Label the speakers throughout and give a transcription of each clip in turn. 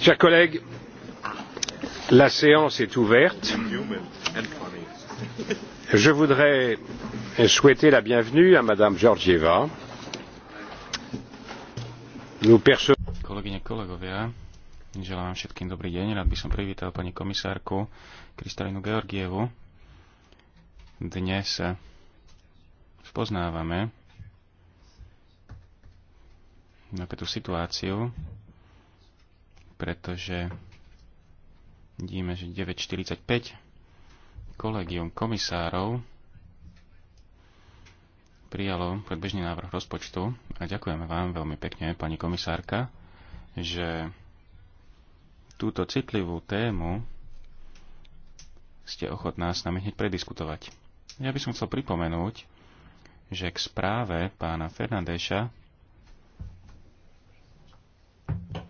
Speaker 1: Chers collègues, la
Speaker 2: séance est ouverte. Je voudrais souhaiter la bienvenue à mme Georgieva. Nous percevons. Kolegyne, kolegovia, Kristalinu Georgievu. Dnes spoznávame napätú situáciu, pretože vidíme, že 9.45 kolegium komisárov prijalo predbežný návrh rozpočtu a ďakujeme vám veľmi pekne, pani komisárka, že túto citlivú tému ste ochotná s nami hneď prediskutovať. Ja by som chcel pripomenúť, že k správe pána Fernandéša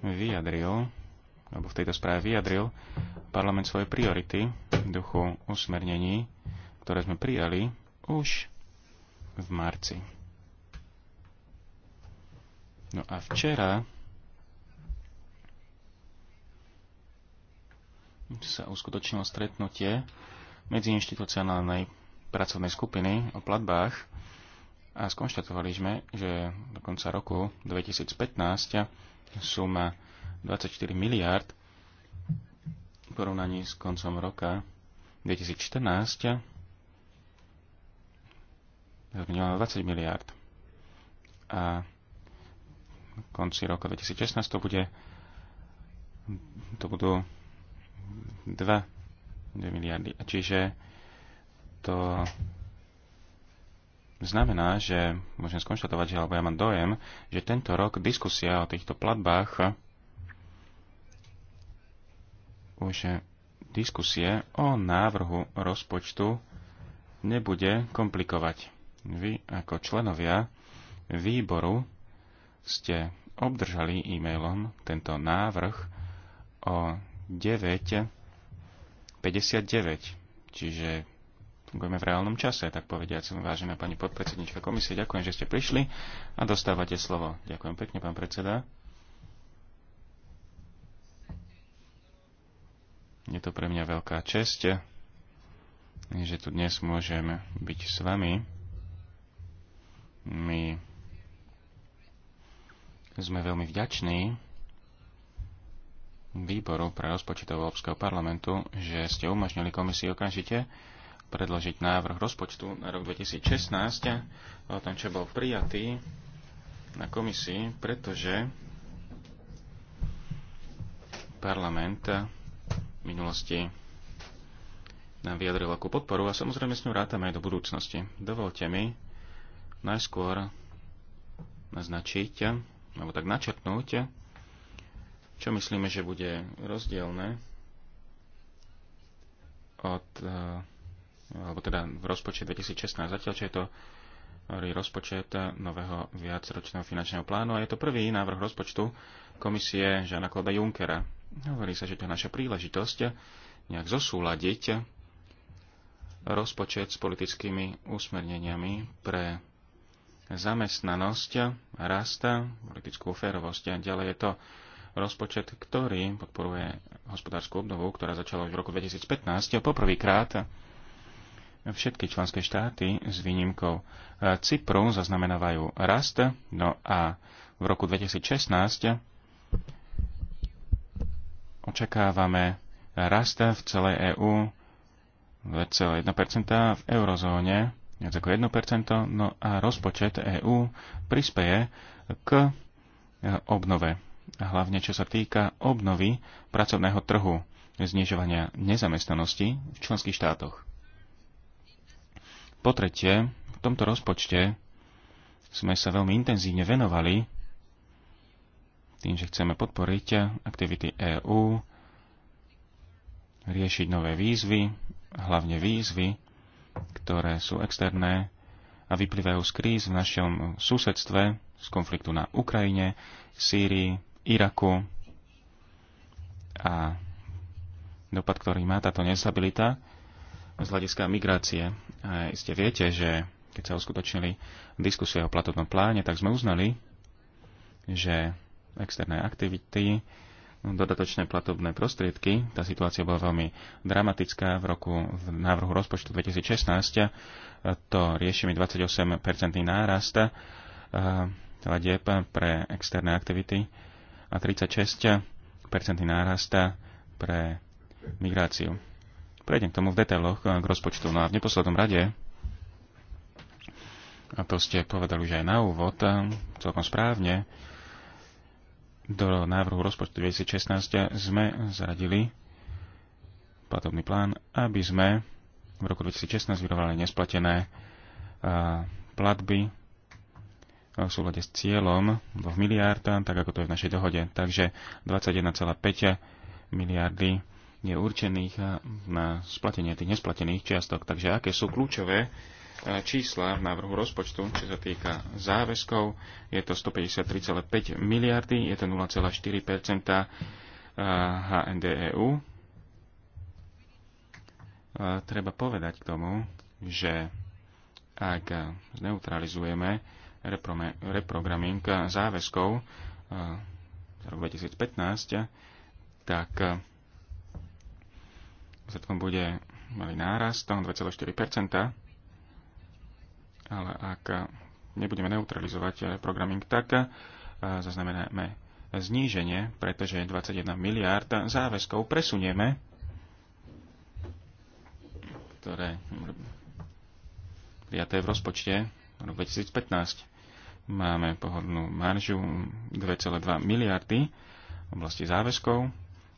Speaker 2: vyjadril, alebo v tejto správe vyjadril parlament svoje priority v duchu usmernení, ktoré sme prijali už v marci. No a včera sa uskutočnilo stretnutie medzi inštitucionálnej pracovnej skupiny o platbách a skonštatovali sme, že do konca roku 2015 suma 24 miliárd v porovnaní s koncom roka 2014 zmenila 20 miliárd. A v konci roka 2016 to bude to budú 2, 2 miliardy. Čiže to znamená, že môžem skonštatovať, že, alebo ja mám dojem, že tento rok diskusia o týchto platbách už diskusie o návrhu rozpočtu nebude komplikovať. Vy ako členovia výboru ste obdržali e-mailom tento návrh o 9.59, čiže fungujeme v reálnom čase, tak povediať vážená pani podpredsednička komisie, ďakujem, že ste prišli a dostávate slovo. Ďakujem pekne, pán predseda. Je to pre mňa veľká česť, že tu dnes môžem byť s vami. My sme veľmi vďační výboru pre rozpočet Európskeho parlamentu, že ste umožnili komisii okamžite predložiť návrh rozpočtu na rok 2016 o tom, čo bol prijatý na komisii, pretože parlament v minulosti nám vyjadril akú podporu a samozrejme s ňou rátame aj do budúcnosti. Dovolte mi najskôr naznačiť, alebo tak načrtnúť, čo myslíme, že bude rozdielne od eh, alebo teda v rozpočte 2016. Zatiaľ, čo je to rozpočet nového viacročného finančného plánu a je to prvý návrh rozpočtu komisie Žana Kloda Junckera. Hovorí sa, že to je naša príležitosť nejak zosúľadiť rozpočet s politickými usmerneniami pre zamestnanosť, rasta, politickú férovosť. A ďalej je to rozpočet, ktorý podporuje hospodárskú obnovu, ktorá začala už v roku 2015 poprvýkrát všetky členské štáty s výnimkou e, Cypru zaznamenávajú rast, no a v roku 2016 očakávame rast v celej EÚ 2,1%, v eurozóne viac ako 1%, no a rozpočet EÚ prispeje k e, obnove. Hlavne čo sa týka obnovy pracovného trhu, znižovania nezamestnanosti v členských štátoch. Po tretie, v tomto rozpočte sme sa veľmi intenzívne venovali tým, že chceme podporiť aktivity EÚ, riešiť nové výzvy, hlavne výzvy, ktoré sú externé a vyplývajú z kríz v našom susedstve, z konfliktu na Ukrajine, Sýrii, Iraku a dopad, ktorý má táto nestabilita z hľadiska migrácie. A iste viete, že keď sa uskutočnili diskusie o platobnom pláne, tak sme uznali, že externé aktivity, dodatočné platobné prostriedky, tá situácia bola veľmi dramatická v roku v návrhu rozpočtu 2016, to riešime 28-percentný nárast hľadieb eh, pre externé aktivity a 36 nárast pre migráciu. Prejdem k tomu v detailoch eh, k rozpočtu. No a v neposlednom rade, a to ste povedali už aj na úvod, eh, celkom správne, do návrhu rozpočtu 2016 sme zaradili platobný plán, aby sme v roku 2016 vyrovali nesplatené eh, platby v súlade s cieľom 2 miliárd, tak ako to je v našej dohode. Takže 21,5 miliardy je určených eh, na splatenie tých nesplatených čiastok. Takže aké sú kľúčové eh, čísla v návrhu rozpočtu, čo sa týka záväzkov, je to 153,5 miliardy, je to 0,4 eh, HNDEU. Treba povedať k tomu, že ak zneutralizujeme reprogramming záväzkov z roku 2015, tak výsledkom bude malý nárast, tam 2,4%, ale ak nebudeme neutralizovať eh, programming, tak eh, zaznamenáme zníženie, pretože 21 miliard záväzkov presunieme, ktoré prijaté v rozpočte roku 2015. Máme pohodnú maržu 2,2 miliardy v oblasti záväzkov,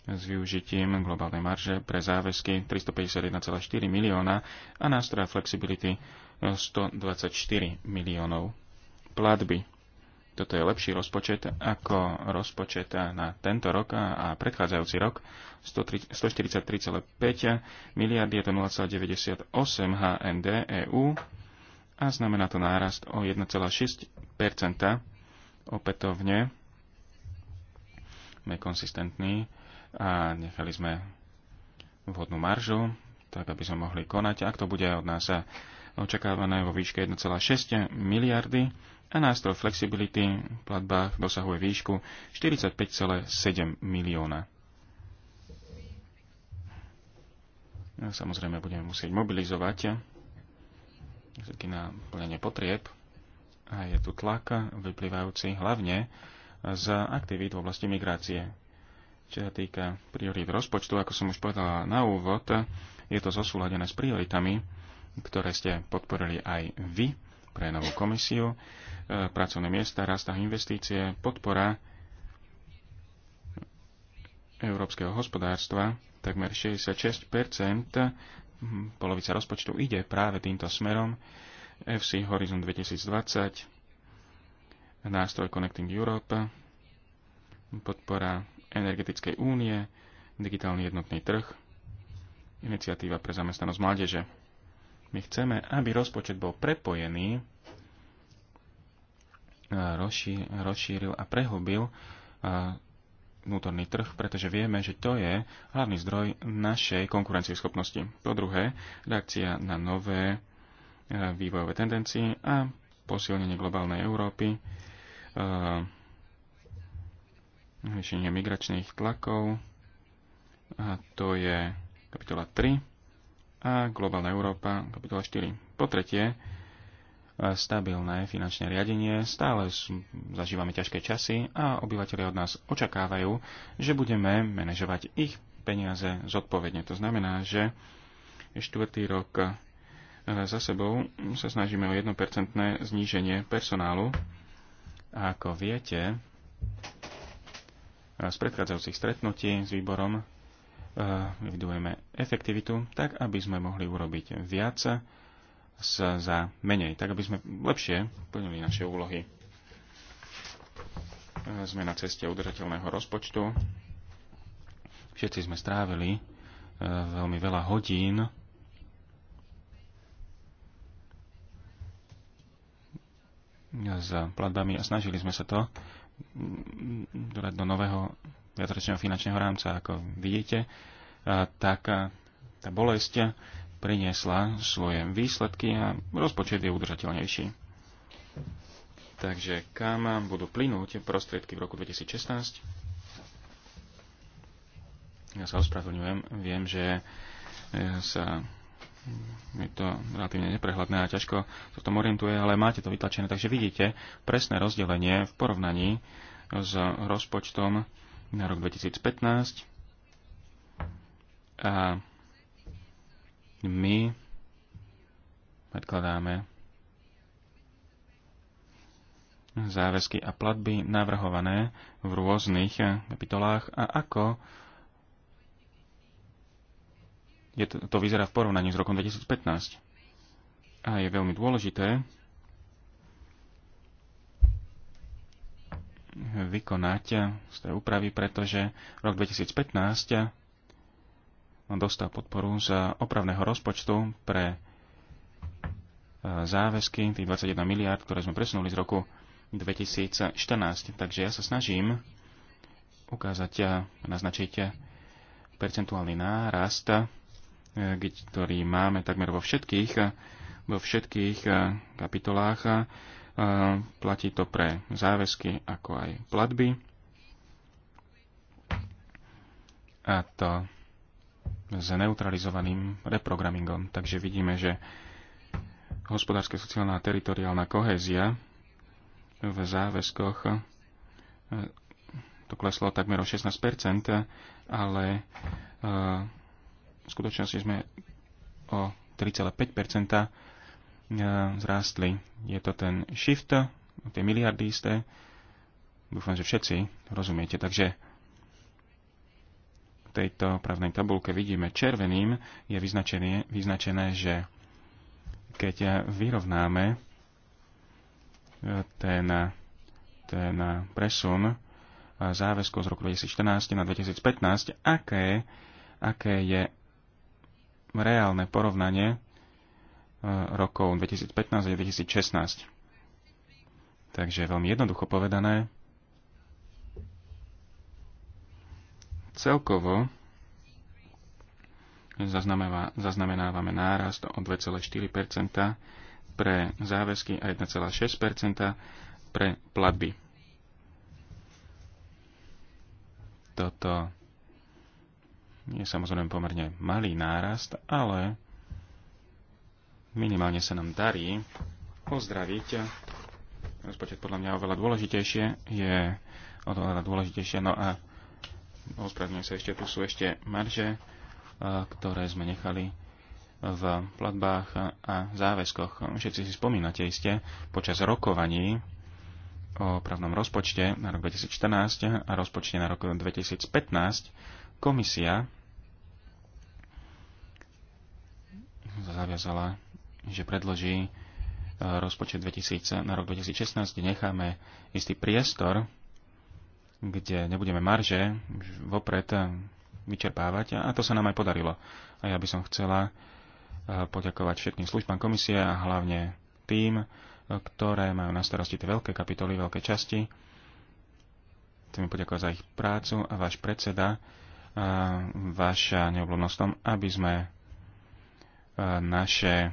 Speaker 2: s využitím globálnej marže pre záväzky 351,4 milióna a nástroja flexibility 124 miliónov. Platby. Toto je lepší rozpočet ako rozpočet na tento rok a predchádzajúci rok 143,5 miliardy je to 0,98 HND EU a znamená to nárast o 1,6 opätovne sme konsistentní a nechali sme vhodnú maržu, tak aby sme mohli konať. Ak to bude od nás očakávané vo výške 1,6 miliardy a nástroj flexibility v platbách dosahuje výšku 45,7 milióna. No, samozrejme budeme musieť mobilizovať všetky na plnenie potrieb a je tu tlak vyplývajúci hlavne z aktivít v oblasti migrácie čo sa týka priorít rozpočtu, ako som už povedala na úvod, je to zosúladené s prioritami, ktoré ste podporili aj vy pre novú komisiu. E, pracovné miesta, rast a investície, podpora európskeho hospodárstva, takmer 66 hm, polovica rozpočtu ide práve týmto smerom. FC Horizon 2020, nástroj Connecting Europe, podpora energetickej únie, digitálny jednotný trh, iniciatíva pre zamestnanosť mládeže. My chceme, aby rozpočet bol prepojený, e, rozšíril a prehlbil e, vnútorný trh, pretože vieme, že to je hlavný zdroj našej konkurencieschopnosti. Po druhé, reakcia na nové e, vývojové tendencie a posilnenie globálnej Európy riešenie migračných tlakov. A to je kapitola 3 a Globálna Európa, kapitola 4. Po tretie, e, stabilné finančné riadenie. Stále zažívame ťažké časy a obyvateľi od nás očakávajú, že budeme manažovať ich peniaze zodpovedne. To znamená, že štvrtý rok e, za sebou sa snažíme o 1% zníženie personálu. A ako viete, z predchádzajúcich stretnutí s výborom vyvidujeme eh, efektivitu, tak aby sme mohli urobiť viac za menej, tak aby sme lepšie plnili naše úlohy. Eh, sme na ceste udržateľného rozpočtu. Všetci sme strávili eh, veľmi veľa hodín s platbami a snažili sme sa to dodať do nového viacročného finančného rámca, ako vidíte, tak tá bolesť priniesla svoje výsledky a rozpočet je udržateľnejší. Takže kam budú plynúť prostriedky v roku 2016? Ja sa ospravedlňujem, viem, že sa je to relatívne neprehľadné a ťažko sa v tom orientuje, ale máte to vytlačené, takže vidíte presné rozdelenie v porovnaní s rozpočtom na rok 2015 a my predkladáme záväzky a platby navrhované v rôznych kapitolách a ako je to, to vyzerá v porovnaní s rokom 2015. A je veľmi dôležité vykonať z tej úpravy, pretože rok 2015 dostal podporu z opravného rozpočtu pre e, záväzky, tých 21 miliard, ktoré sme presunuli z roku 2014. Takže ja sa snažím ukázať a naznačiť percentuálny nárast E, ktorý máme takmer vo všetkých, e, vo všetkých e, kapitolách. Platí to pre záväzky ako aj platby. A to s neutralizovaným reprogramingom. Takže vidíme, že hospodárska, sociálna a teritoriálna kohézia v záväzkoch to kleslo takmer o 16%, ale v skutočnosti sme o 3,5% e, zrástli. Je to ten shift, tie miliardy isté. Dúfam, že všetci rozumiete. Takže v tejto pravnej tabulke vidíme červeným je vyznačené, vyznačené že keď vyrovnáme e, ten, ten presun záväzkov z roku 2014 na 2015, aké, aké je reálne porovnanie e, rokov 2015 a 2016. Takže veľmi jednoducho povedané, celkovo zaznamenávame nárast o 2,4 pre záväzky a 1,6 pre platby. Toto je samozrejme pomerne malý nárast, ale minimálne sa nám darí pozdraviť. Rozpočet podľa mňa oveľa dôležitejšie je oveľa dôležitejšie. No a ospravedlňujem sa ešte, tu sú ešte marže, e, ktoré sme nechali v platbách a záväzkoch. Všetci si spomínate iste počas rokovaní o právnom rozpočte na rok 2014 a rozpočte na rok 2015 Komisia zaviazala, že predloží e, rozpočet 2000, na rok 2016, kde necháme istý priestor, kde nebudeme marže vopred vyčerpávať a to sa nám aj podarilo. A ja by som chcela e, poďakovať všetkým službám komisie a hlavne tým, e, ktoré majú na starosti tie veľké kapitoly, veľké časti. Chcem poďakovať za ich prácu a váš predseda vaša neobľudnosť tom, aby sme e, naše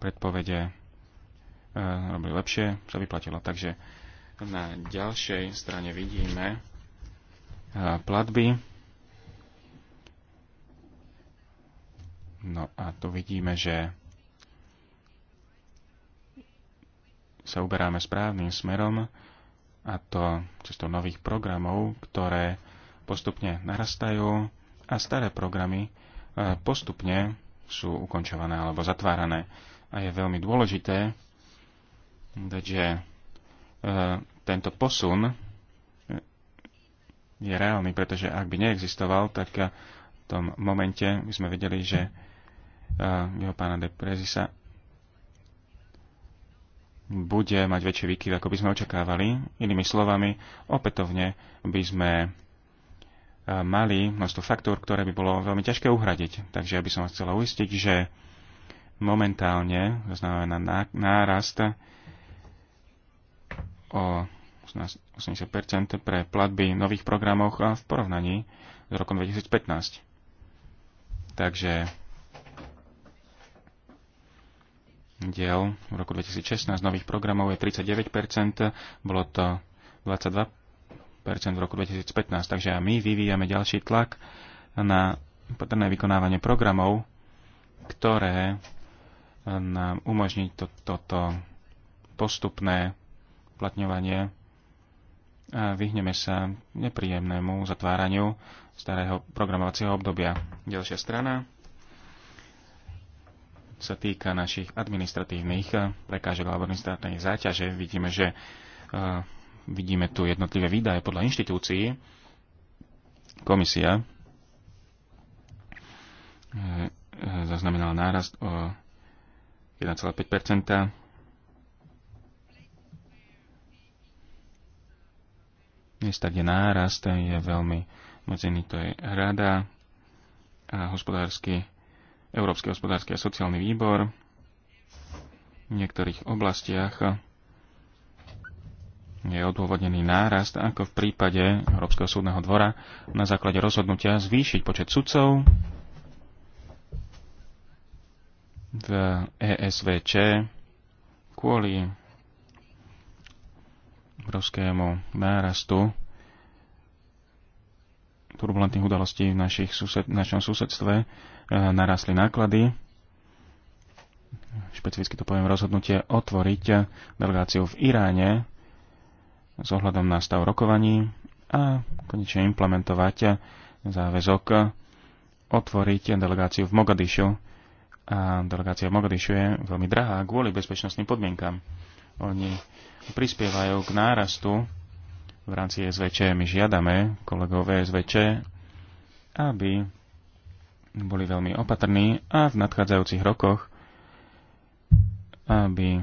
Speaker 2: predpovede e, robili lepšie, sa vyplatilo. Takže na ďalšej strane vidíme e, platby. No a tu vidíme, že sa uberáme správnym smerom a to cestou nových programov, ktoré postupne narastajú a staré programy e, postupne sú ukončované alebo zatvárané. A je veľmi dôležité, že e, tento posun e, je reálny, pretože ak by neexistoval, tak v tom momente by sme vedeli, že jeho pána de Prezisa bude mať väčší výkyv, ako by sme očakávali. Inými slovami, opätovne by sme mali množstvo faktúr, ktoré by bolo veľmi ťažké uhradiť. Takže ja by som vás chcela uistiť, že momentálne znamená nárast o 80% pre platby nových programoch v porovnaní s rokom 2015. Takže diel v roku 2016 nových programov je 39%, bolo to 22 v roku 2015. Takže my vyvíjame ďalší tlak na potrebné vykonávanie programov, ktoré eh, nám umožní to, toto postupné uplatňovanie a vyhneme sa nepríjemnému zatváraniu starého programovacieho obdobia. Ďalšia strana sa týka našich administratívnych eh, prekážok alebo administratívnej záťaže. Vidíme, že eh, vidíme tu jednotlivé výdaje podľa inštitúcií, komisia e, e, zaznamenala nárast o 1,5 Miesta, kde nárast je veľmi medzený, to je rada a hospodársky, Európsky hospodársky a sociálny výbor v niektorých oblastiach je odôvodnený nárast, ako v prípade Európskeho súdneho dvora, na základe rozhodnutia zvýšiť počet sudcov v ESVČ kvôli obrovskému nárastu turbulentných udalostí v našich sused, našom susedstve e, narastli náklady. Špecificky to poviem rozhodnutie otvoriť delegáciu v Iráne s ohľadom na stav rokovaní a konečne implementovať záväzok otvoriť delegáciu v Mogadišu. A delegácia v Mogadišu je veľmi drahá kvôli bezpečnostným podmienkam. Oni prispievajú k nárastu v rámci SVČ. My žiadame kolegov SVČ, aby boli veľmi opatrní a v nadchádzajúcich rokoch, aby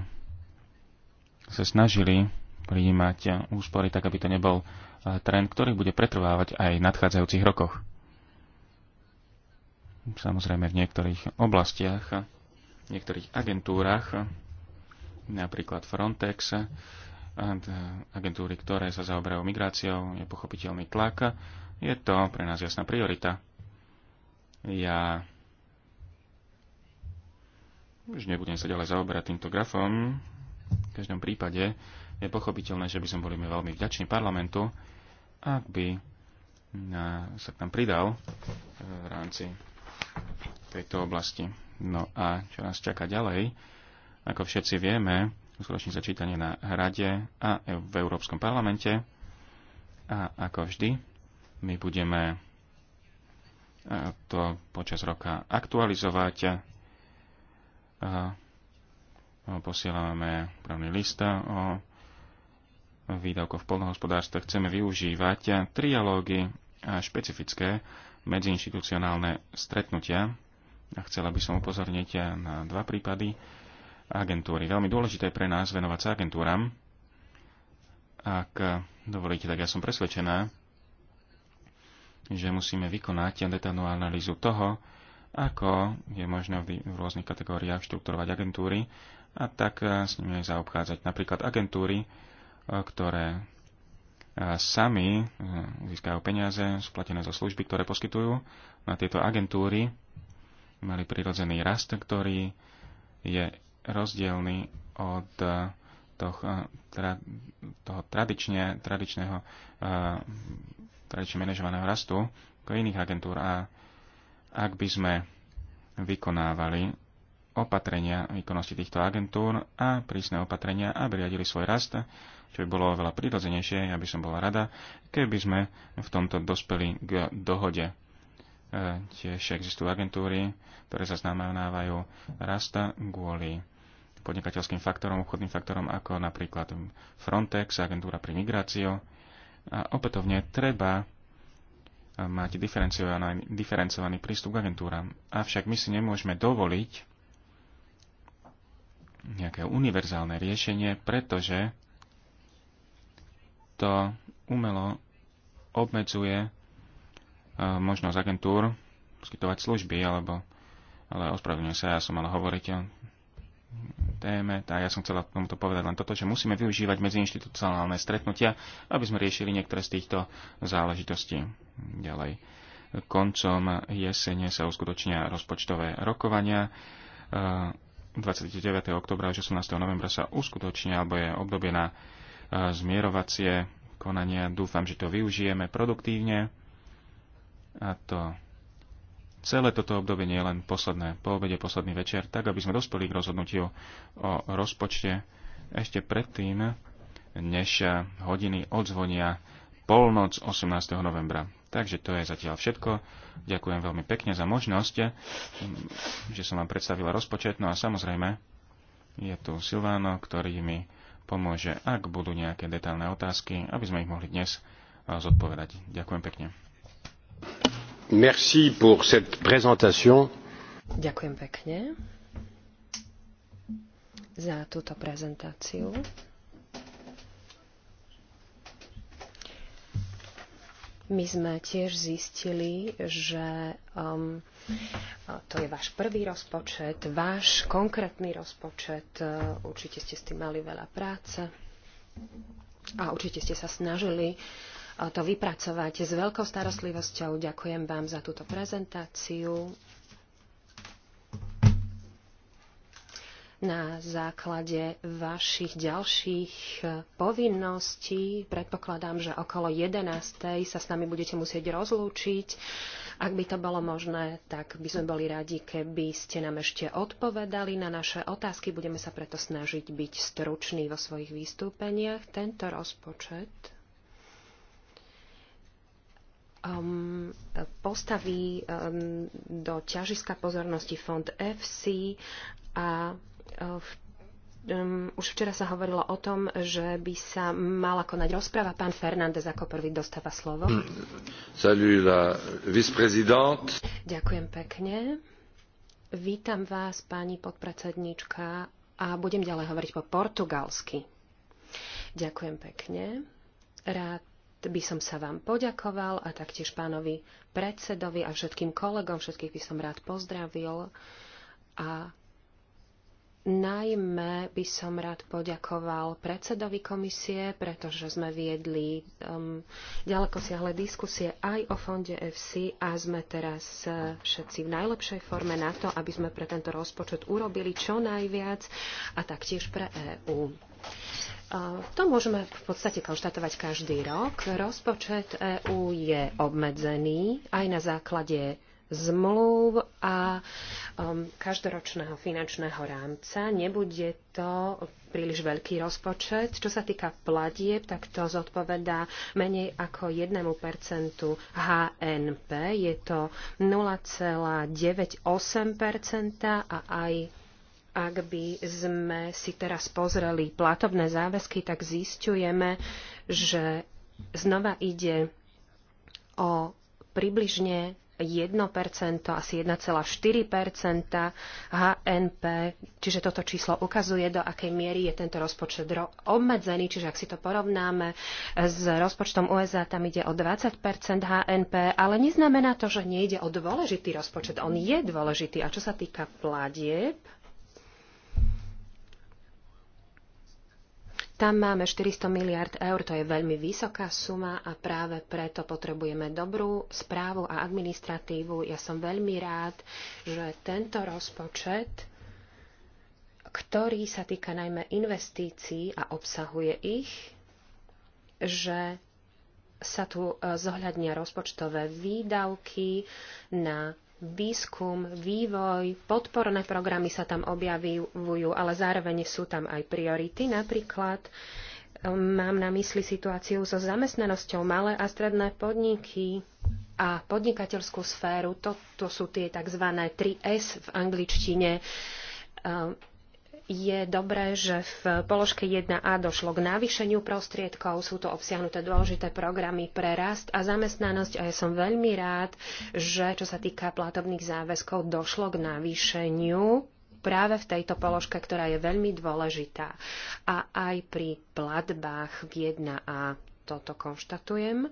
Speaker 2: sa snažili prijímať úspory, tak aby to nebol e, trend, ktorý bude pretrvávať aj v nadchádzajúcich rokoch. Samozrejme v niektorých oblastiach, v niektorých agentúrach, napríklad Frontex, agentúry, ktoré sa zaoberajú migráciou, je pochopiteľný tlak. Je to pre nás jasná priorita. Ja už nebudem sa ďalej zaoberať týmto grafom. V každom prípade je pochopiteľné, že by som boli veľmi vďační parlamentu, ak by e, sa tam pridal e, v rámci tejto oblasti. No a čo nás čaká ďalej, ako všetci vieme, uskutoční sa čítanie na Rade a v Európskom parlamente. A ako vždy, my budeme e, to počas roka aktualizovať. Posielame právny list o výdavkov v polnohospodárstve chceme využívať trialógy a špecifické medziinstitucionálne stretnutia. A chcela by som upozorniť na dva prípady agentúry. Veľmi dôležité pre nás venovať sa agentúram. Ak dovolíte, tak ja som presvedčená, že musíme vykonať detailnú analýzu toho, ako je možné v rôznych kategóriách štruktúrovať agentúry a tak s nimi zaobchádzať. Napríklad agentúry, ktoré e, sami e, získajú peniaze splatené za služby, ktoré poskytujú na tieto agentúry. Mali prirodzený rast, ktorý je rozdielny od e, toho, tra, toho tradične, tradičného tradične manažovaného rastu ako iných agentúr. A ak by sme vykonávali opatrenia výkonnosti týchto agentúr a prísne opatrenia, aby riadili svoj rast, čo by bolo oveľa prirodzenejšie, ja by som bola rada, keby sme v tomto dospeli k dohode. E, tiež existujú agentúry, ktoré zaznamenávajú rasta kvôli podnikateľským faktorom, obchodným faktorom, ako napríklad Frontex, agentúra pri migráciu. A opätovne treba mať diferencovaný, diferencovaný prístup k agentúram. Avšak my si nemôžeme dovoliť nejaké univerzálne riešenie, pretože to umelo obmedzuje e, možnosť agentúr poskytovať služby, alebo, ale ospravedlňujem sa, ja som mal hovoriť o téme, a ja som chcel tomuto povedať len toto, že musíme využívať medziinstitucionálne stretnutia, aby sme riešili niektoré z týchto záležitostí ďalej. Koncom jesene sa uskutočnia rozpočtové rokovania e, 29. oktobra až 18. novembra sa uskutoční alebo je obdobie na e, zmierovacie konania. Dúfam, že to využijeme produktívne a to celé toto obdobie nie je len posledné, po obede posledný večer, tak aby sme dospeli k rozhodnutiu o rozpočte ešte predtým, než hodiny odzvonia polnoc 18. novembra. Takže to je zatiaľ všetko. Ďakujem veľmi pekne za možnosť, že som vám predstavila rozpočet. No a samozrejme, je tu Silváno, ktorý mi pomôže, ak budú nejaké detálne otázky, aby sme ich mohli dnes zodpovedať. Ďakujem pekne. Merci pour cette présentation.
Speaker 1: Ďakujem pekne za túto prezentáciu. My sme tiež zistili, že um, to je váš prvý rozpočet, váš konkrétny rozpočet. Uh, určite ste s tým mali veľa práce a určite ste sa snažili uh, to vypracovať s veľkou starostlivosťou. Ďakujem vám za túto prezentáciu na základe vašich ďalších e, povinností. Predpokladám, že okolo 11. sa s nami budete musieť rozlúčiť. Ak by to bolo možné, tak by sme boli radi, keby ste nám ešte odpovedali na naše otázky. Budeme sa preto snažiť byť struční vo svojich vystúpeniach. Tento rozpočet um, postaví um, do ťažiska pozornosti fond FC a Ehm, v um, už včera sa hovorilo o tom, že by sa mala konať rozpráva. Pán Fernández ako prvý dostáva slovo. Mm. Salut la Ďakujem pekne. Vítam vás, pani podpredsednička, a budem ďalej hovoriť po portugalsky. Ďakujem pekne. Rád by som sa vám poďakoval a taktiež pánovi predsedovi a všetkým kolegom, všetkých by som rád pozdravil a Najmä by som rád poďakoval predsedovi komisie, pretože sme viedli um, ďaleko siahle diskusie aj o fonde FC a sme teraz uh, všetci v najlepšej forme na to, aby sme pre tento rozpočet urobili čo najviac a taktiež pre EÚ. Uh, to môžeme v podstate konštatovať každý rok. Rozpočet EÚ je obmedzený aj na základe zmluv a um, každoročného finančného rámca. Nebude to príliš veľký rozpočet. Čo sa týka platieb, tak to zodpovedá menej ako 1% HNP. Je to 0,98% a aj ak by sme si teraz pozreli platobné záväzky, tak zistujeme, že znova ide o približne 1%, asi 1,4% HNP, čiže toto číslo ukazuje, do akej miery je tento rozpočet obmedzený, čiže ak si to porovnáme s rozpočtom USA, tam ide o 20% HNP, ale neznamená to, že nejde o dôležitý rozpočet. On je dôležitý. A čo sa týka pladieb, Tam máme 400 miliard eur, to je veľmi vysoká suma a práve preto potrebujeme dobrú správu a administratívu. Ja som veľmi rád, že tento rozpočet, ktorý sa týka najmä investícií a obsahuje ich, že sa tu e, zohľadnia rozpočtové výdavky na výskum, vývoj, podporné programy sa tam objavujú, ale zároveň sú tam aj priority. Napríklad um, mám na mysli situáciu so zamestnanosťou malé a stredné podniky a podnikateľskú sféru. To, to sú tie tzv. 3S v angličtine um, je dobré, že v položke 1a došlo k navýšeniu prostriedkov. Sú to obsiahnuté dôležité programy pre rast a zamestnanosť a ja som veľmi rád, že čo sa týka platobných záväzkov, došlo k navýšeniu práve v tejto položke, ktorá je veľmi dôležitá. A aj pri platbách v 1a toto konštatujem.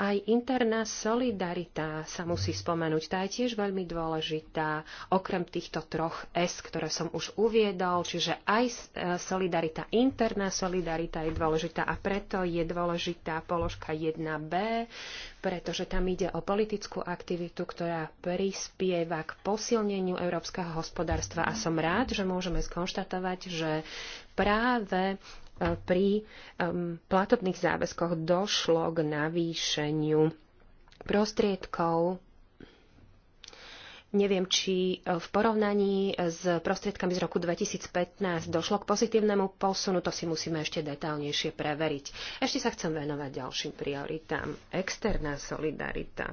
Speaker 1: Aj interná solidarita sa musí spomenúť, tá je tiež veľmi dôležitá, okrem týchto troch S, ktoré som už uviedol, čiže aj e, solidarita, interná solidarita je dôležitá a preto je dôležitá položka 1B, pretože tam ide o politickú aktivitu, ktorá prispieva k posilneniu európskeho hospodárstva a som rád, že môžeme skonštatovať, že práve pri um, platobných záväzkoch došlo k navýšeniu prostriedkov. Neviem, či uh, v porovnaní s prostriedkami z roku 2015 došlo k pozitívnemu posunu, to si musíme ešte detálnejšie preveriť. Ešte sa chcem venovať ďalším prioritám. Externá solidarita.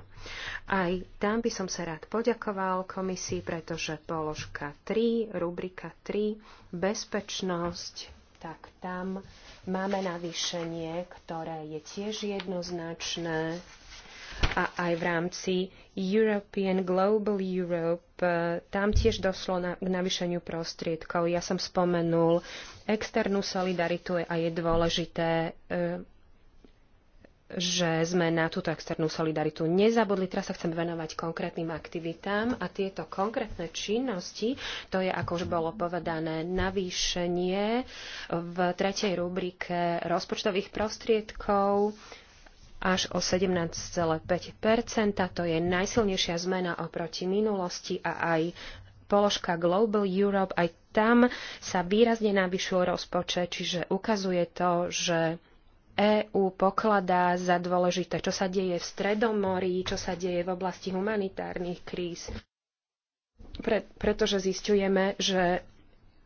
Speaker 1: Aj tam by som sa rád poďakoval komisii, pretože položka 3, rubrika 3, bezpečnosť, tak tam máme navýšenie, ktoré je tiež jednoznačné a aj v rámci European Global Europe eh, tam tiež došlo na, k navýšeniu prostriedkov. Ja som spomenul externú solidaritu a je dôležité eh, že sme na túto externú solidaritu nezabudli. Teraz sa chcem venovať konkrétnym aktivitám a tieto konkrétne činnosti, to je, ako už bolo povedané, navýšenie v tretej rubrike rozpočtových prostriedkov až o 17,5 To je najsilnejšia zmena oproti minulosti a aj položka Global Europe, aj tam sa výrazne navyšil rozpočet, čiže ukazuje to, že EÚ pokladá za dôležité, čo sa deje v Stredomorí, čo sa deje v oblasti humanitárnych kríz. Pre, pretože zistujeme, že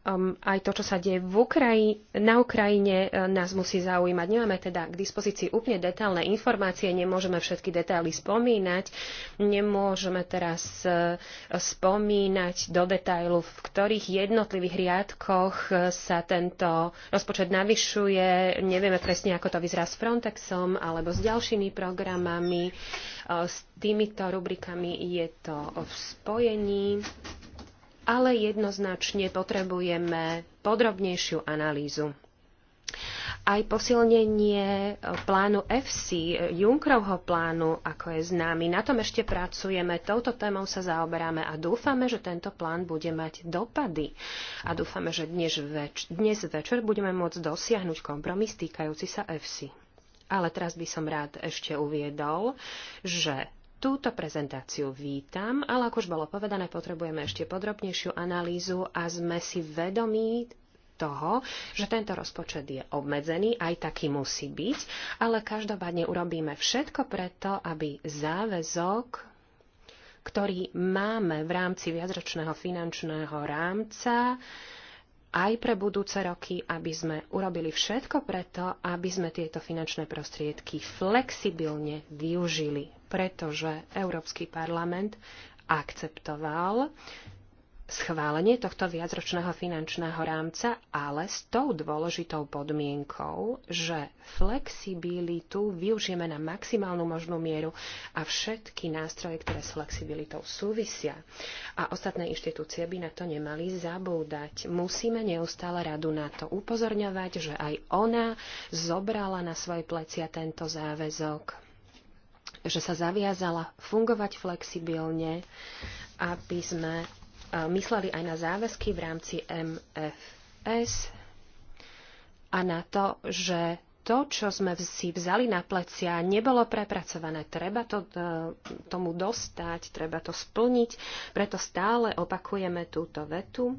Speaker 1: um, aj to, čo sa deje v Ukraji- na Ukrajine, uh, nás musí zaujímať. Nemáme teda k dispozícii úplne detailné informácie, nemôžeme všetky detaily spomínať, nemôžeme teraz uh, spomínať do detailu, v ktorých jednotlivých riadkoch uh, sa tento rozpočet navyšuje. Nevieme presne, ako to vyzerá s Frontexom alebo s ďalšími programami. Uh, s týmito rubrikami je to v spojení ale jednoznačne potrebujeme podrobnejšiu analýzu aj posilnenie plánu FC, Junkrovho plánu, ako je známy. Na tom ešte pracujeme, touto témou sa zaoberáme a dúfame, že tento plán bude mať dopady. A dúfame, že dnes, več- dnes večer budeme môcť dosiahnuť kompromis týkajúci sa FC. Ale teraz by som rád ešte uviedol, že Túto prezentáciu vítam, ale ako už bolo povedané, potrebujeme ešte podrobnejšiu analýzu a sme si vedomí toho, že tento rozpočet je obmedzený, aj taký musí byť, ale každopádne urobíme všetko preto, aby záväzok ktorý máme v rámci viacročného finančného rámca aj pre budúce roky, aby sme urobili všetko preto, aby sme tieto finančné prostriedky flexibilne využili pretože Európsky parlament akceptoval schválenie tohto viacročného finančného rámca, ale s tou dôležitou podmienkou, že flexibilitu využijeme na maximálnu možnú mieru a všetky nástroje, ktoré s flexibilitou súvisia. A ostatné inštitúcie by na to nemali zabúdať. Musíme neustále radu na to upozorňovať, že aj ona zobrala na svoje plecia tento záväzok že sa zaviazala fungovať flexibilne, aby sme e, mysleli aj na záväzky v rámci MFS a na to, že to, čo sme si vzali na plecia, nebolo prepracované. Treba to e, tomu dostať, treba to splniť, preto stále opakujeme túto vetu.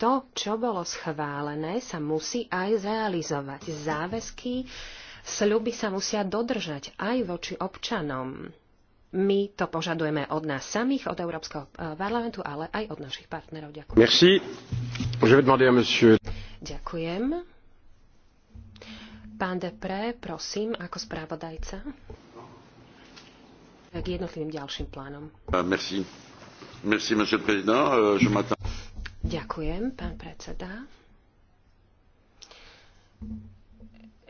Speaker 1: to, čo bolo schválené, sa musí aj zrealizovať. Záväzky, sľuby sa musia dodržať aj voči občanom. My to požadujeme od nás samých, od Európskeho eh, parlamentu, ale aj od našich partnerov. Ďakujem. Merci. Je vais demander monsieur... Ďakujem. Pán Depré, prosím, ako správodajca k jednotlivým ďalším plánom. Ah, merci. Merci, monsieur le président. Euh, je m'attends Ďakujem, pán predseda.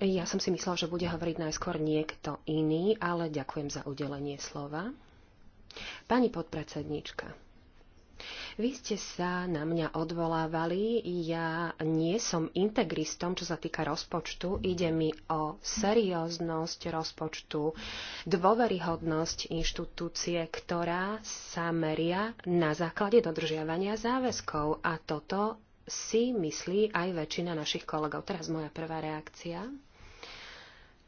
Speaker 1: Ja som si myslela, že bude hovoriť najskôr niekto iný, ale ďakujem za udelenie slova. Pani podpredsednička. Vy ste sa na mňa odvolávali. Ja nie som integristom, čo sa týka rozpočtu. Ide mi o serióznosť rozpočtu, dôveryhodnosť inštitúcie, ktorá sa meria na základe dodržiavania záväzkov. A toto si myslí aj väčšina našich kolegov. Teraz moja prvá reakcia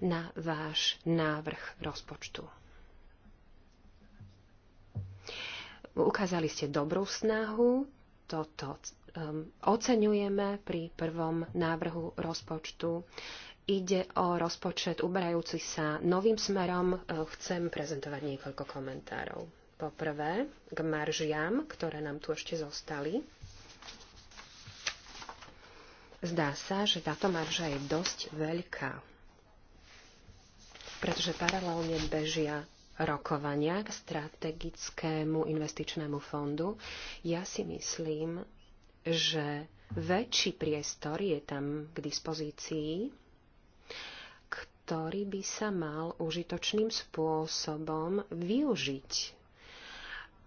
Speaker 1: na váš návrh rozpočtu. Ukázali ste dobrú snahu, toto um, oceňujeme pri prvom návrhu rozpočtu. Ide o rozpočet uberajúci sa novým smerom. Uh, chcem prezentovať niekoľko komentárov. Poprvé, k maržiam, ktoré nám tu ešte zostali. Zdá sa, že táto marža je dosť veľká, pretože paralelne bežia rokovania k strategickému investičnému fondu, ja si myslím, že väčší priestor je tam k dispozícii, ktorý by sa mal užitočným spôsobom využiť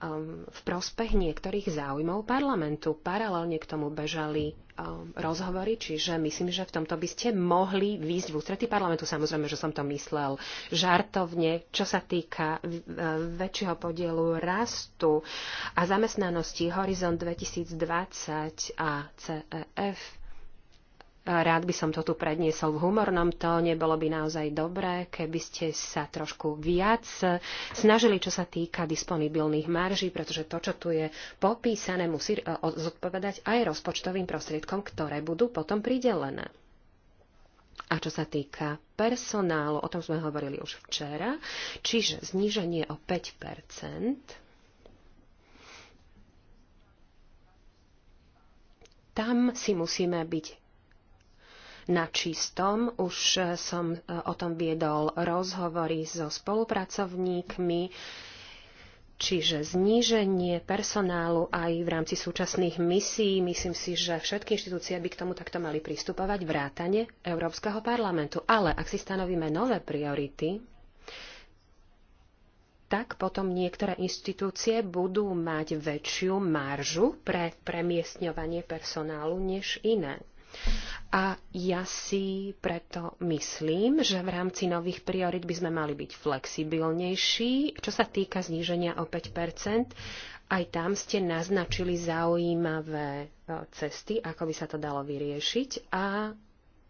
Speaker 1: Um, v prospech niektorých záujmov parlamentu. Paralelne k tomu bežali um, rozhovory, čiže myslím, že v tomto by ste mohli výjsť v ústretí parlamentu. Samozrejme, že som to myslel žartovne, čo sa týka väčšieho podielu rastu a zamestnanosti Horizon 2020 a CEF Rád by som to tu predniesol v humornom tóne. Bolo by naozaj dobré, keby ste sa trošku viac snažili, čo sa týka disponibilných marží, pretože to, čo tu je popísané, musí e, zodpovedať aj rozpočtovým prostriedkom, ktoré budú potom pridelené. A čo sa týka personálu, o tom sme hovorili už včera, čiže zníženie o 5 tam si musíme byť na čistom. Už e, som e, o tom viedol rozhovory so spolupracovníkmi, čiže zníženie personálu aj v rámci súčasných misií. Myslím si, že všetky inštitúcie by k tomu takto mali pristupovať vrátane Európskeho parlamentu. Ale ak si stanovíme nové priority, tak potom niektoré inštitúcie budú mať väčšiu maržu pre premiestňovanie personálu než iné. A ja si preto myslím, že v rámci nových priorit by sme mali byť flexibilnejší, čo sa týka zníženia o 5 Aj tam ste naznačili zaujímavé e, cesty, ako by sa to dalo vyriešiť a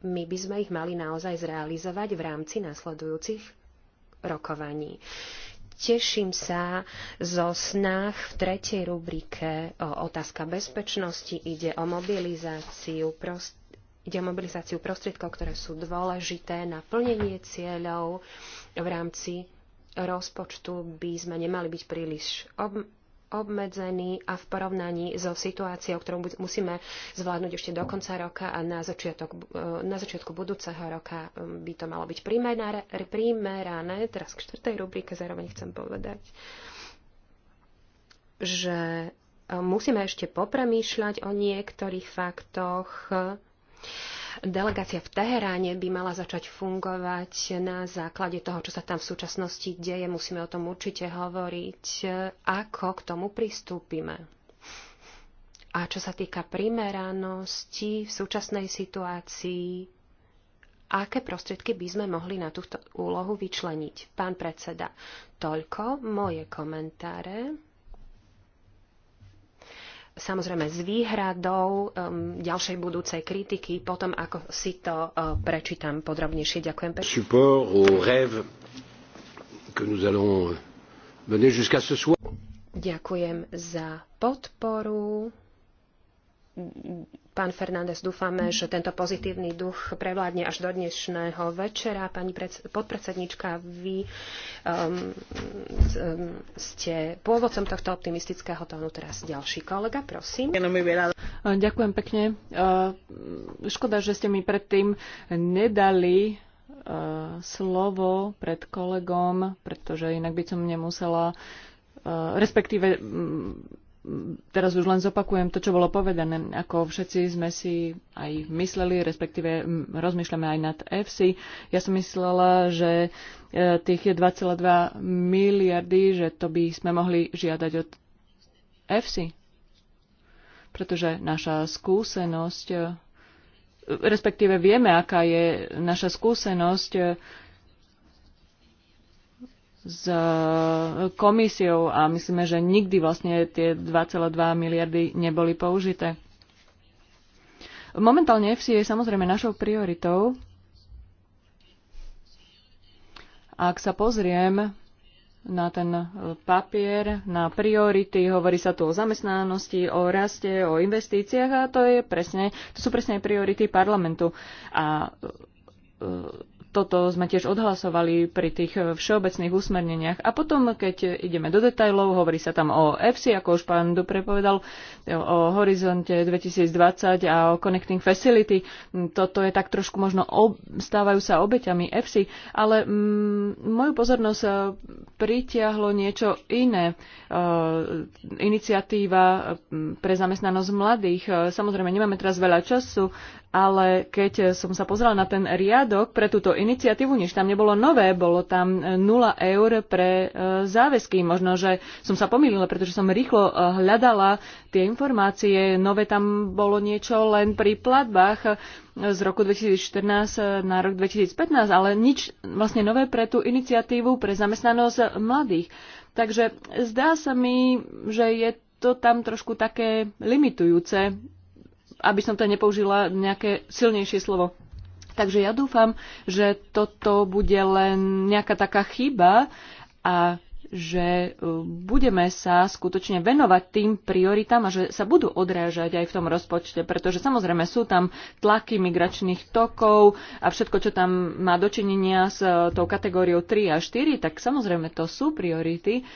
Speaker 1: my by sme ich mali naozaj zrealizovať v rámci nasledujúcich rokovaní teším sa zo snách v tretej rubrike o otázka bezpečnosti. Ide o mobilizáciu prost- Ide o mobilizáciu prostriedkov, ktoré sú dôležité na plnenie cieľov v rámci rozpočtu by sme nemali byť príliš ob- obmedzený a v porovnaní so situáciou, ktorú musíme zvládnuť ešte do konca roka a na, začiatok, e, na začiatku budúceho roka um, by to malo byť primerané. Teraz k štvrtej rubrike zároveň chcem povedať, že e, musíme ešte popremýšľať o niektorých faktoch, Delegácia v Teheráne by mala začať fungovať na základe toho, čo sa tam v súčasnosti deje. Musíme o tom určite hovoriť, ako k tomu pristúpime. A čo sa týka primeranosti v súčasnej situácii, aké prostriedky by sme mohli na túto úlohu vyčleniť? Pán predseda, toľko moje komentáre samozrejme s výhradou um, ďalšej budúcej kritiky, potom ako si to uh, prečítam podrobnejšie. Ďakujem pekne.
Speaker 2: Support aux
Speaker 1: rêves que nous allons mener jusqu'à ce soir. Ďakujem za podporu Pán Fernández, dúfame, že tento pozitívny duch prevládne až do dnešného večera. Pani podpredsednička, vy um, um, ste pôvodcom tohto
Speaker 3: optimistického tónu. Teraz ďalší kolega, prosím. Ďakujem pekne. Uh, škoda, že ste mi predtým nedali uh, slovo pred kolegom, pretože inak by som nemusela uh, respektíve teraz už len zopakujem to, čo bolo povedané. Ako všetci sme si aj mysleli, respektíve rozmýšľame aj nad FC. Ja som myslela, že e, tých je 2,2 miliardy, že to by sme mohli žiadať od FC. Pretože naša skúsenosť, e, respektíve vieme, aká je naša skúsenosť e, s e, komisiou a myslíme, že nikdy vlastne tie 2,2 miliardy neboli použité. Momentálne FC je samozrejme našou prioritou. Ak sa pozriem na ten papier, na priority, hovorí sa tu o zamestnanosti, o raste, o investíciách a to, je presne, to sú presne priority parlamentu. A e, toto sme tiež odhlasovali pri tých všeobecných usmerneniach. A potom, keď ideme do detajlov, hovorí sa tam o EFSI, ako už pán Dupre povedal, o horizonte 2020 a o Connecting Facility. Toto je tak trošku možno ob, stávajú sa obeťami EFSI, ale mm, moju pozornosť pritiahlo niečo iné. E- iniciatíva mm, pre zamestnanosť mladých. E, samozrejme, nemáme teraz veľa času, ale keď som sa pozrela na ten riadok pre túto iniciatívu, nič tam nebolo nové, bolo tam 0 e, eur pre e, záväzky. Možno, že som sa pomýlila, pretože som rýchlo e, hľadala tie informácie. Nové tam bolo niečo len pri platbách z roku 2014 na rok 2015, ale nič vlastne nové pre tú iniciatívu pre zamestnanosť mladých. Takže zdá sa mi, že je to tam trošku také limitujúce aby som to nepoužila nejaké silnejšie slovo. Takže ja dúfam, že toto bude len nejaká taká chyba a že e, budeme sa skutočne venovať tým prioritám a že sa budú odrážať aj v tom rozpočte, pretože samozrejme sú tam tlaky migračných tokov a všetko, čo tam má dočinenia s e, tou kategóriou 3 a 4, tak samozrejme to sú priority.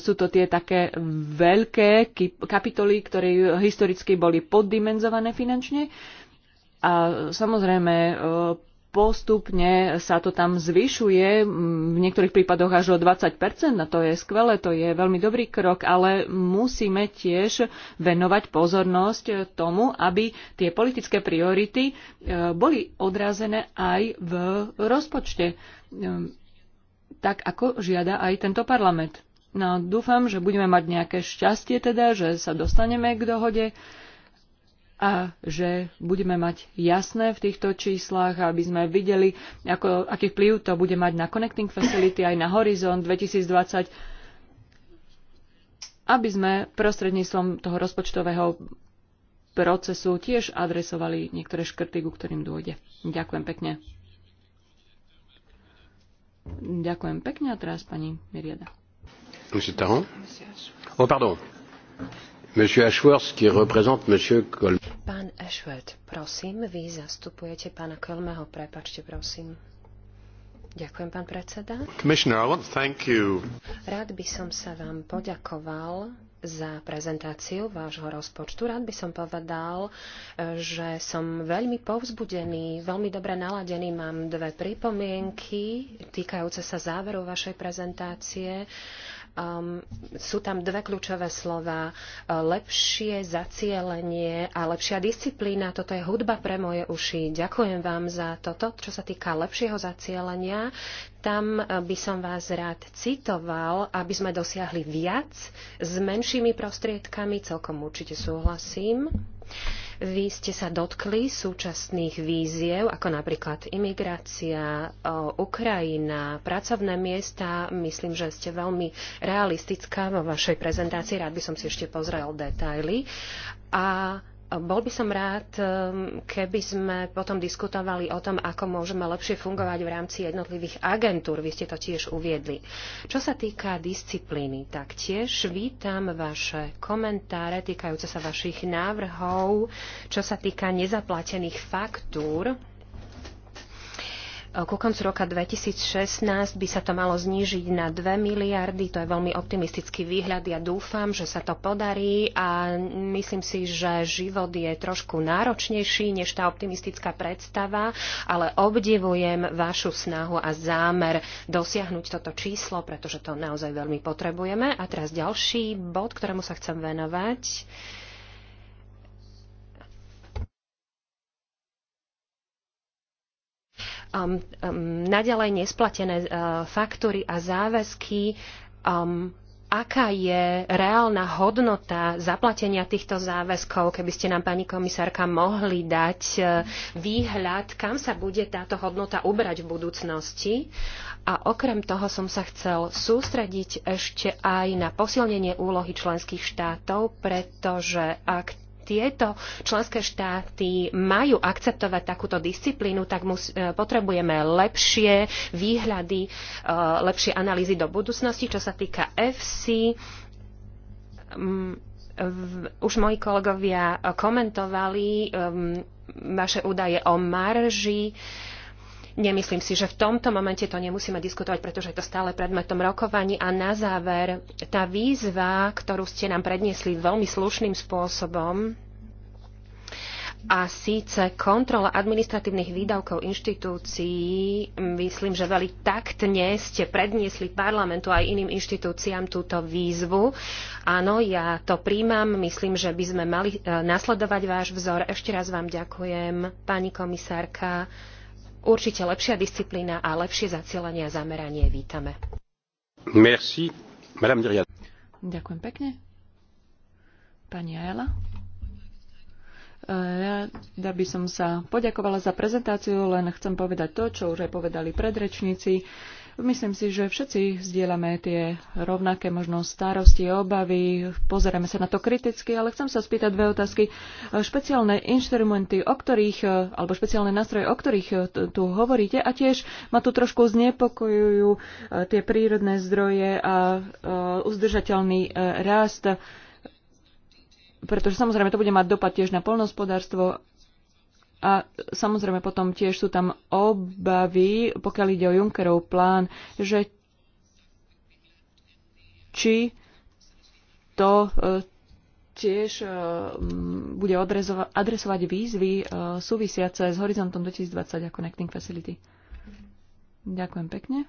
Speaker 3: Sú to tie také veľké kapitoly, ktoré historicky boli poddimenzované finančne. A samozrejme, e, postupne sa to tam zvyšuje, v niektorých prípadoch až o 20 a to je skvelé, to je veľmi dobrý krok, ale musíme tiež venovať pozornosť tomu, aby tie politické priority e, boli odrazené aj v rozpočte, e, tak ako žiada aj tento parlament no, dúfam, že budeme mať nejaké šťastie teda, že sa dostaneme k dohode a že budeme mať jasné v týchto číslach, aby sme videli, ako, aký vplyv to bude mať na Connecting Facility aj na Horizon 2020, aby sme prostredníctvom toho rozpočtového procesu tiež adresovali niektoré škrty, ku ktorým dôjde. Ďakujem pekne. Ďakujem pekne a teraz pani Miriada. Oh,
Speaker 1: Ashworth,
Speaker 3: Pán Ashworth,
Speaker 1: prosím, vy zastupujete pána Kolmeho. Prepačte, prosím. Ďakujem, pán predseda. Rád by som sa vám poďakoval za prezentáciu vášho rozpočtu. Rád by som povedal, že som veľmi povzbudený, veľmi dobre naladený. Mám dve pripomienky týkajúce sa záveru vašej prezentácie Um, sú tam dve kľúčové slova. Uh, lepšie zacielenie a lepšia disciplína. Toto je hudba pre moje uši. Ďakujem vám za toto. Čo sa týka lepšieho zacielenia, tam uh, by som vás rád citoval, aby sme dosiahli viac s menšími prostriedkami. Celkom určite súhlasím. Vy ste sa dotkli súčasných víziev, ako napríklad imigrácia, Ukrajina, pracovné miesta. Myslím, že ste veľmi realistická vo vašej prezentácii. Rád by som si ešte pozrel detaily. A bol by som rád, um, keby sme potom diskutovali o tom, ako môžeme lepšie fungovať v rámci jednotlivých agentúr. Vy ste to tiež uviedli. Čo sa týka disciplíny, tak tiež vítam vaše komentáre týkajúce sa vašich návrhov, čo sa týka nezaplatených faktúr ku koncu roka 2016 by sa to malo znížiť na 2 miliardy. To je veľmi optimistický výhľad. Ja dúfam, že sa to podarí a myslím si, že život je trošku náročnejší než tá optimistická predstava, ale obdivujem vašu snahu a zámer dosiahnuť toto číslo, pretože to naozaj veľmi potrebujeme. A teraz ďalší bod, ktorému sa chcem venovať um, um, naďalej nesplatené uh, faktory a záväzky, um, aká je reálna hodnota zaplatenia týchto záväzkov, keby ste nám, pani komisárka, mohli dať uh, výhľad, kam sa bude táto hodnota ubrať v budúcnosti. A okrem toho som sa chcel sústrediť ešte aj na posilnenie úlohy členských štátov, pretože ak tieto členské štáty majú akceptovať takúto disciplínu, tak mus, e, potrebujeme lepšie výhľady, e, lepšie analýzy do budúcnosti, čo sa týka FC. Už moji kolegovia komentovali e, vaše údaje o marži. Nemyslím si, že v tomto momente to nemusíme diskutovať, pretože je to stále predmetom rokovaní. A na záver, tá výzva, ktorú ste nám predniesli veľmi slušným spôsobom, a síce kontrola administratívnych výdavkov inštitúcií, myslím, že veľmi taktne ste predniesli parlamentu aj iným inštitúciám túto výzvu. Áno, ja to príjmam, myslím, že by sme mali e, nasledovať váš vzor. Ešte raz vám ďakujem, pani komisárka určite lepšia disciplína a lepšie zacielenie a
Speaker 3: zameranie vítame.
Speaker 2: Merci. Madame
Speaker 3: Ďakujem pekne. Pani Ajela. E, da by som sa poďakovala za prezentáciu, len chcem povedať to, čo už aj povedali predrečníci. Myslím si, že všetci zdieľame tie rovnaké možno starosti, obavy, pozeráme sa na to kriticky, ale chcem sa spýtať dve otázky. Špeciálne inštrumenty, o ktorých, alebo špeciálne nástroje, o ktorých tu hovoríte a tiež ma tu trošku znepokojujú e, tie prírodné zdroje a e, uzdržateľný e, rast pretože samozrejme to bude mať dopad tiež na polnospodárstvo a samozrejme potom tiež sú tam obavy, pokiaľ ide o Junckerov plán, že či to e, tiež e, bude adresovať výzvy e, súvisiace s Horizontom 2020 a Connecting Facility. Ďakujem pekne.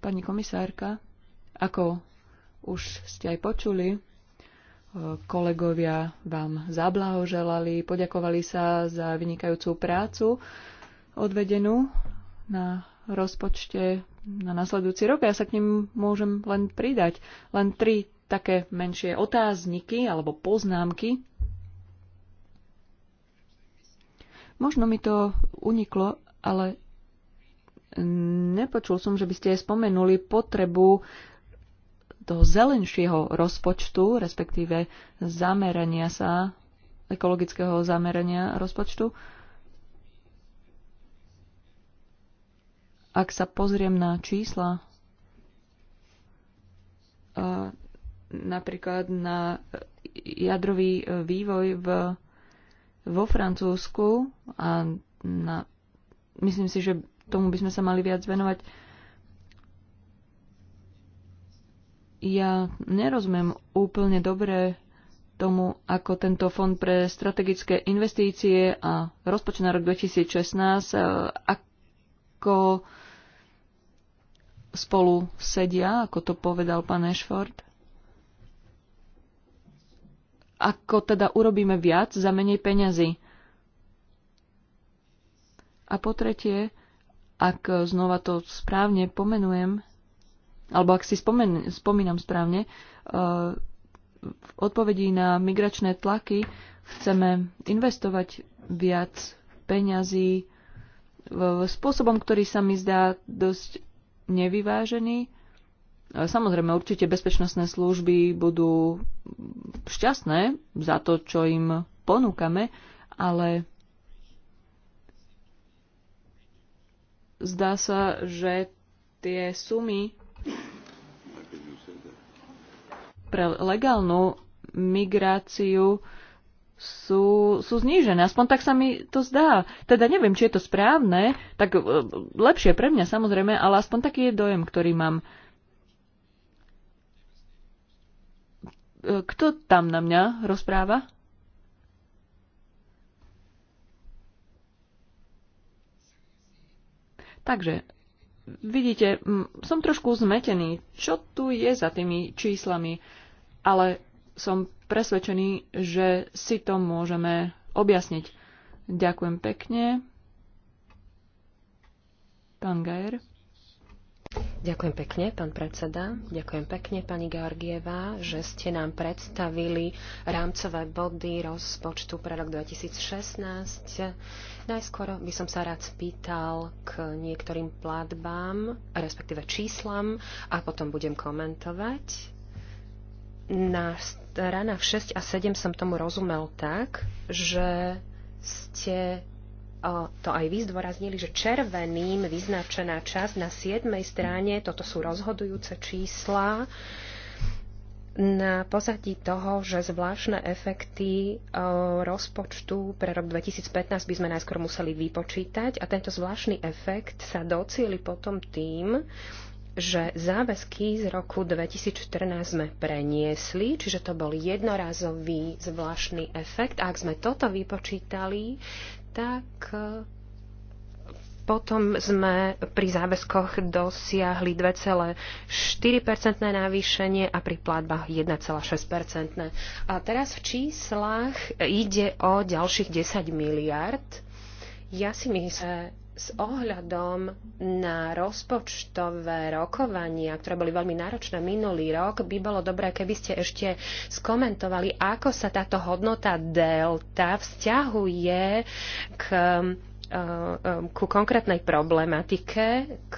Speaker 3: Pani komisárka, ako už ste aj počuli, kolegovia vám zablahoželali, poďakovali sa za vynikajúcu prácu odvedenú na rozpočte na nasledujúci rok. Ja sa k nim môžem len pridať. Len tri také menšie otázniky alebo poznámky. Možno mi to uniklo, ale nepočul som, že by ste spomenuli potrebu toho zelenšieho rozpočtu, respektíve zamerania sa, ekologického zamerania rozpočtu. Ak sa pozriem na čísla, napríklad na jadrový vývoj v, vo Francúzsku a na, myslím si, že tomu by sme sa mali viac venovať, ja nerozumiem úplne dobre tomu, ako tento fond pre strategické investície a rozpočet na rok 2016, e, ako spolu sedia, ako to povedal pán Ashford. Ako teda urobíme viac za menej peňazí. A po tretie, ak znova to správne pomenujem, alebo ak si spomen, spomínam správne, eh, v odpovedí na migračné tlaky chceme investovať viac peňazí spôsobom, ktorý sa mi zdá dosť nevyvážený. Eh, samozrejme, určite bezpečnostné služby budú šťastné za to, čo im ponúkame, ale zdá sa, že tie sumy pre legálnu migráciu sú, sú znížené. Aspoň tak sa mi to zdá. Teda neviem, či je to správne, tak e, lepšie pre mňa samozrejme, ale aspoň taký je dojem, ktorý mám. E, kto tam na mňa rozpráva? Takže, vidíte, som trošku zmetený. Čo tu je za tými číslami? ale som presvedčený, že si to môžeme objasniť. Ďakujem pekne. Pán Gajer.
Speaker 1: Ďakujem pekne, pán predseda. Ďakujem pekne, pani Georgieva, že ste nám predstavili rámcové body rozpočtu pre rok 2016. Najskôr by som sa rád spýtal k niektorým platbám, respektíve číslam, a potom budem komentovať na v 6 a 7 som tomu rozumel tak, že ste to aj vy zdôraznili, že červeným vyznačená časť na 7. strane, toto sú rozhodujúce čísla, na pozadí toho, že zvláštne efekty rozpočtu pre rok 2015 by sme najskôr museli vypočítať a tento zvláštny efekt sa docieli potom tým, že záväzky z roku 2014 sme preniesli, čiže to bol jednorazový zvláštny efekt. Ak sme toto vypočítali, tak e, potom sme pri záväzkoch dosiahli 2,4% navýšenie a pri platbách 1,6%. A teraz v číslach ide o ďalších 10 miliard. Ja si myslím, s ohľadom na rozpočtové rokovania, ktoré boli veľmi náročné minulý rok, by bolo dobré, keby ste ešte skomentovali, ako sa táto hodnota delta vzťahuje k, eh, eh, ku konkrétnej problematike, k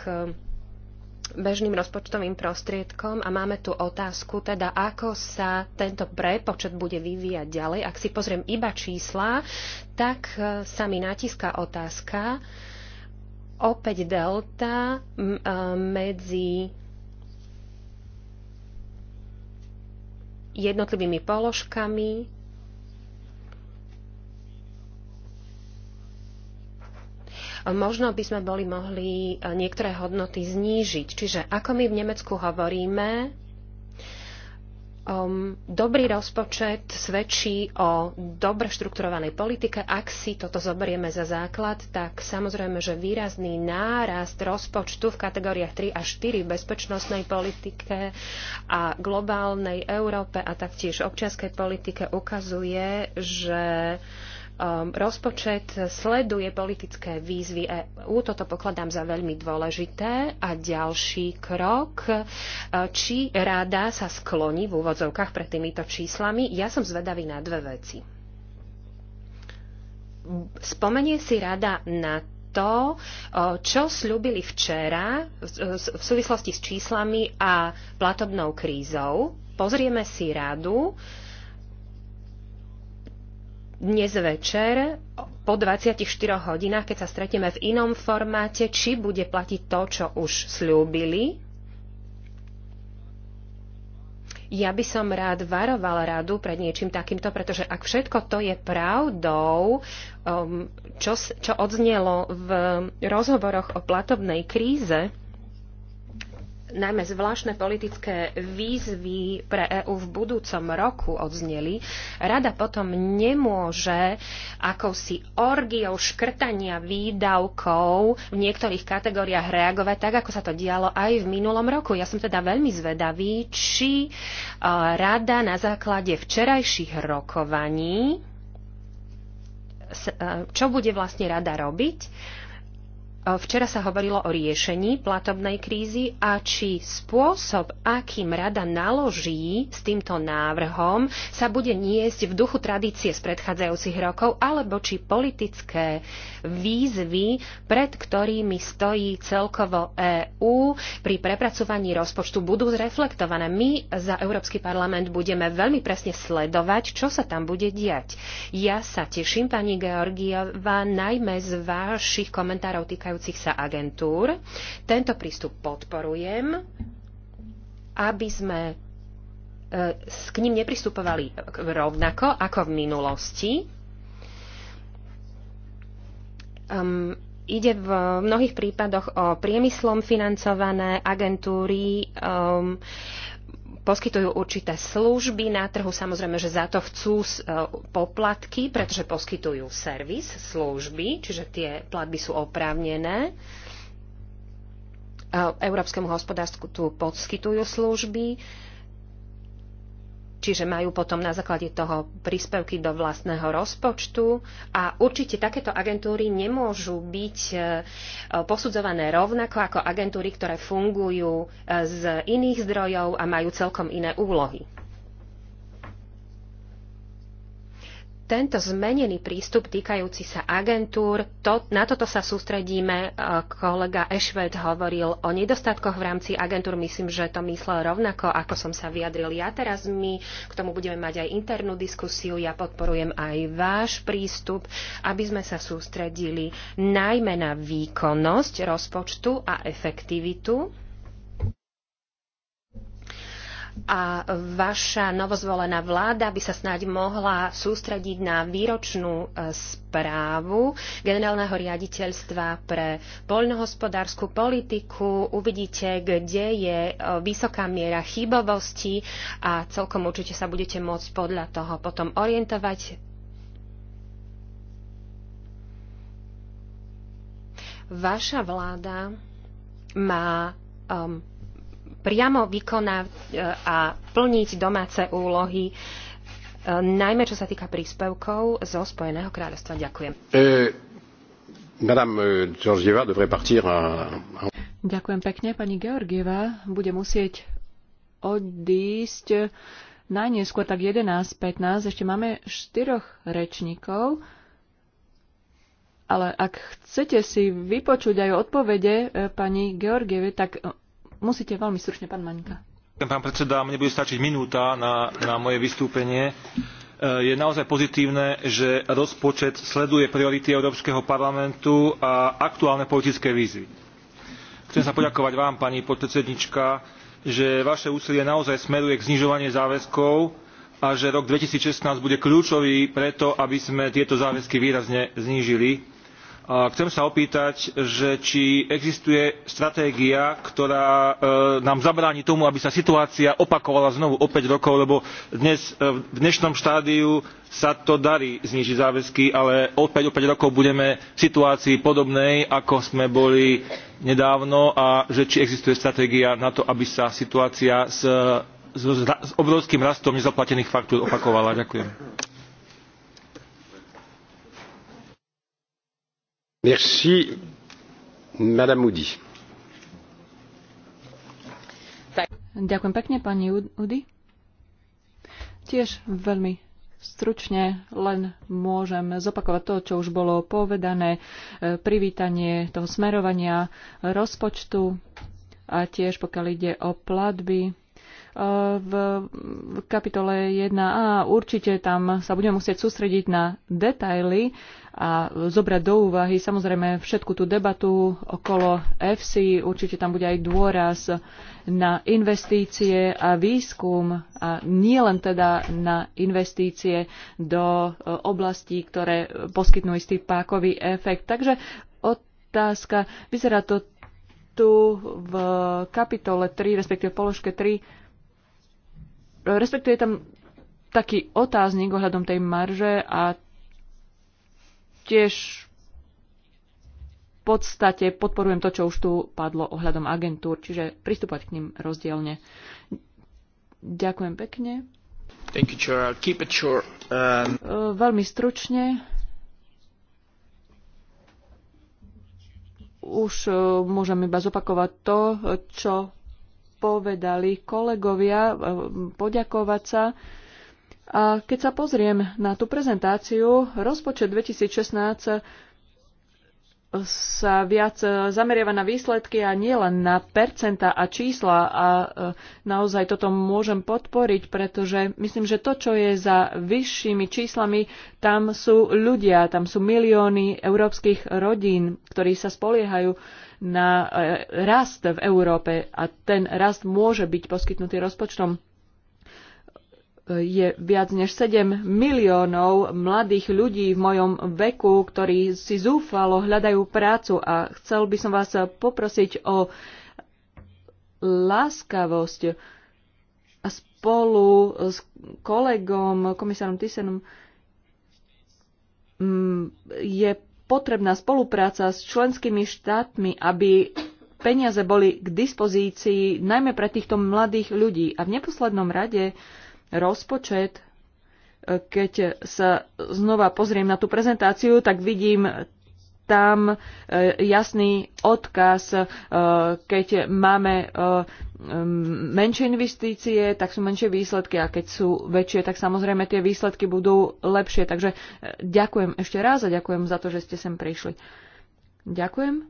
Speaker 1: bežným rozpočtovým prostriedkom a máme tu otázku, teda ako sa tento prepočet bude vyvíjať ďalej. Ak si pozriem iba čísla, tak eh, sa mi natíska otázka, opäť delta medzi jednotlivými položkami možno by sme boli mohli niektoré hodnoty znížiť. Čiže ako my v Nemecku hovoríme, Um, dobrý rozpočet svedčí o dobre štrukturovanej politike. Ak si toto zoberieme za základ, tak samozrejme, že výrazný nárast rozpočtu v kategóriách 3 a 4 bezpečnostnej politike a globálnej Európe a taktiež občianskej politike ukazuje, že uh, Ehm, rozpočet sleduje politické výzvy EÚ. Toto pokladám za veľmi dôležité. A ďalší krok, e, či rada sa skloní v úvodzovkách pred týmito číslami. Ja som zvedavý na dve veci. Spomenie si rada na to, e, čo slúbili včera v súvislosti s číslami a platobnou krízou. Pozrieme si radu, dnes večer po 24 hodinách, keď sa stretneme v inom formáte, či bude platiť to, čo už slúbili. Ja by som rád varoval radu pred niečím takýmto, pretože ak všetko to je pravdou, um, čo, čo odznelo v rozhovoroch o platobnej kríze, najmä zvláštne politické výzvy pre EÚ v budúcom roku odzneli, rada potom nemôže akousi orgiou škrtania výdavkov v niektorých kategóriách reagovať tak, ako sa to dialo aj v minulom roku. Ja som teda veľmi zvedavý, či e, rada na základe včerajších rokovaní e, čo bude vlastne rada robiť Eh, včera sa hovorilo o riešení platobnej krízy a či spôsob, akým rada naloží s týmto návrhom, sa bude niesť v duchu tradície z predchádzajúcich rokov, alebo či politické výzvy, pred ktorými stojí celkovo EÚ pri prepracovaní rozpočtu, budú zreflektované. My za Európsky parlament budeme veľmi presne sledovať, čo sa tam bude diať. Ja sa teším, pani Georgieva, najmä z vašich komentárov týkajú zúčastňujúcich sa agentúr. Tento prístup podporujem, aby sme e, k ním nepristupovali rovnako ako v minulosti. Um, ide v mnohých prípadoch o priemyslom financované agentúry. Um, poskytujú určité služby na trhu. Samozrejme, že za to chcú e, poplatky, pretože poskytujú servis, služby, čiže tie platby sú oprávnené. E, Európskemu hospodárstvu tu poskytujú služby čiže majú potom na základe toho príspevky do vlastného rozpočtu a určite takéto agentúry nemôžu byť e, posudzované rovnako ako agentúry, ktoré fungujú e, z iných zdrojov a majú celkom iné úlohy. tento zmenený prístup týkajúci sa agentúr, to, na toto sa sústredíme. E, kolega Ešved hovoril o nedostatkoch v rámci agentúr. Myslím, že to myslel rovnako, ako som sa vyjadril ja teraz. My k tomu budeme mať aj internú diskusiu. Ja podporujem aj váš prístup, aby sme sa sústredili najmä na výkonnosť rozpočtu a efektivitu a vaša novozvolená vláda by sa snáď mohla sústrediť na výročnú e, správu generálneho riaditeľstva pre poľnohospodárskú politiku. Uvidíte, kde je e, vysoká miera chybovosti a celkom určite sa budete môcť podľa toho potom orientovať vaša vláda má um, priamo vykonať eh, a plniť domáce úlohy, eh, najmä čo sa týka príspevkov zo Spojeného kráľovstva. Ďakujem. Eh,
Speaker 3: Ďakujem pekne. Pani Georgieva bude musieť odísť najnieskôr tak 11.15. Ešte máme štyroch rečníkov. Ale ak chcete si vypočuť aj odpovede pani Georgieve, tak Musíte veľmi stručne, pán Maňka.
Speaker 2: Pán predseda, mne bude stačiť minúta na, na moje vystúpenie. E, je naozaj pozitívne, že rozpočet sleduje priority Európskeho parlamentu a aktuálne politické výzvy. Chcem sa poďakovať vám, pani podpredsednička, že vaše úsilie naozaj smeruje k znižovaniu záväzkov a že rok 2016 bude kľúčový preto, aby sme tieto záväzky výrazne znížili Chcem sa opýtať, že či existuje stratégia, ktorá e, nám zabráni tomu, aby sa situácia opakovala znovu o päť rokov, lebo dnes, e, v dnešnom štádiu sa to darí znížiť záväzky, ale opäť o päť rokov budeme v situácii podobnej, ako sme boli nedávno a že či existuje stratégia na to, aby sa situácia s, s, s obrovským rastom nezaplatených faktúr opakovala. Ďakujem. Ďakujem
Speaker 3: pekne, pani Udy. Tiež veľmi stručne len môžem zopakovať to, čo už bolo povedané, e, privítanie toho smerovania rozpočtu a tiež pokiaľ ide o platby, v kapitole 1a. Určite tam sa budeme musieť sústrediť na detaily a zobrať do úvahy samozrejme všetku tú debatu okolo FC. Určite tam bude aj dôraz na investície a výskum a nie len teda na investície do e, oblastí, ktoré poskytnú istý pákový efekt. Takže otázka, vyzerá to tu v kapitole 3, respektíve položke 3, respektuje tam taký otáznik ohľadom tej marže a tiež v podstate podporujem to, čo už tu padlo ohľadom agentúr, čiže pristúpať k ním rozdielne. Ďakujem pekne.
Speaker 2: Thank you, Chair. I'll keep it short. Um...
Speaker 3: E, veľmi stručne. Už e, môžem iba zopakovať to, čo povedali kolegovia, e, poďakovať sa. A keď sa pozriem na tú prezentáciu, rozpočet 2016 sa viac zameriava na výsledky a nie len na percenta a čísla a e, naozaj toto môžem podporiť, pretože myslím, že to, čo je za vyššími číslami, tam sú ľudia, tam sú milióny európskych rodín, ktorí sa spoliehajú na e, rast v Európe a ten rast môže byť poskytnutý rozpočtom e, je viac než 7 miliónov mladých ľudí v mojom veku, ktorí si zúfalo hľadajú prácu a chcel by som vás poprosiť o láskavosť a spolu s kolegom, komisárom Tysenom je potrebná spolupráca s členskými štátmi, aby peniaze boli k dispozícii najmä pre týchto mladých ľudí. A v neposlednom rade rozpočet, e, keď sa znova pozriem na tú prezentáciu, tak vidím tam e, jasný odkaz, e, keď máme e, menšie investície, tak sú menšie výsledky a keď sú väčšie, tak samozrejme tie výsledky budú lepšie. Takže ďakujem ešte raz a ďakujem za to, že ste sem prišli. Ďakujem.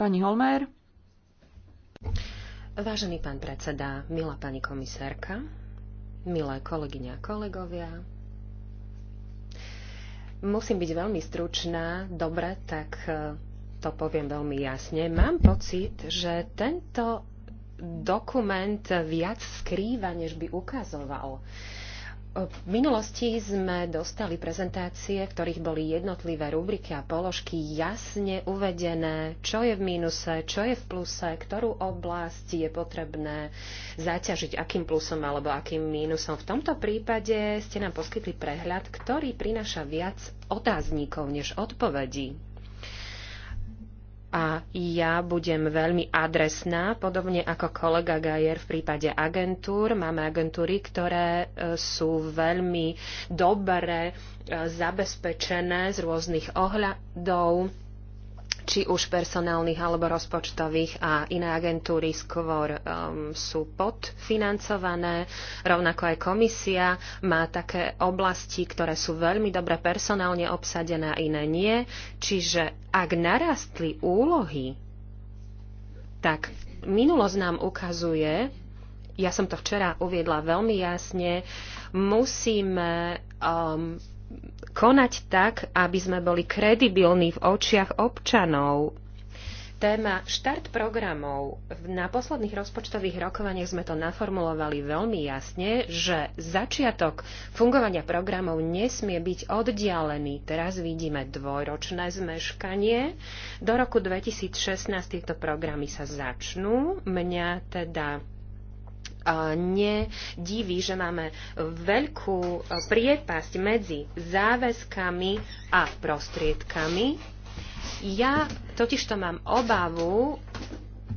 Speaker 3: Pani Holmer.
Speaker 1: Vážený pán predseda, milá pani komisárka, milé kolegyňa a kolegovia, Musím byť veľmi stručná. Dobre, tak e, to poviem veľmi jasne. Mám pocit, že tento dokument viac skrýva, než by ukazoval. Uh, v minulosti sme dostali prezentácie, v ktorých boli jednotlivé rubriky a položky jasne uvedené, čo je v mínuse, čo je v pluse, ktorú oblasť je potrebné zaťažiť akým plusom alebo akým mínusom. V tomto prípade ste nám poskytli prehľad, ktorý prináša viac otázníkov než odpovedí a ja budem veľmi adresná, podobne ako kolega Gajer v prípade agentúr. Máme agentúry, ktoré e, sú veľmi dobre e, zabezpečené z rôznych ohľadov či už personálnych alebo rozpočtových a iné agentúry skôr um, sú podfinancované. Rovnako aj komisia má také oblasti, ktoré sú veľmi dobre personálne obsadené a iné nie. Čiže ak narastli úlohy, tak minulosť nám ukazuje, ja som to včera uviedla veľmi jasne, musíme um, konať tak, aby sme boli kredibilní v očiach občanov. Téma štart programov. Na posledných rozpočtových rokovaniach sme to naformulovali veľmi jasne, že začiatok fungovania programov nesmie byť oddialený. Teraz vidíme dvojročné zmeškanie. Do roku 2016 tieto programy sa začnú. Mňa teda nediví, že máme veľkú e, priepasť medzi záväzkami a prostriedkami. Ja totižto mám obavu,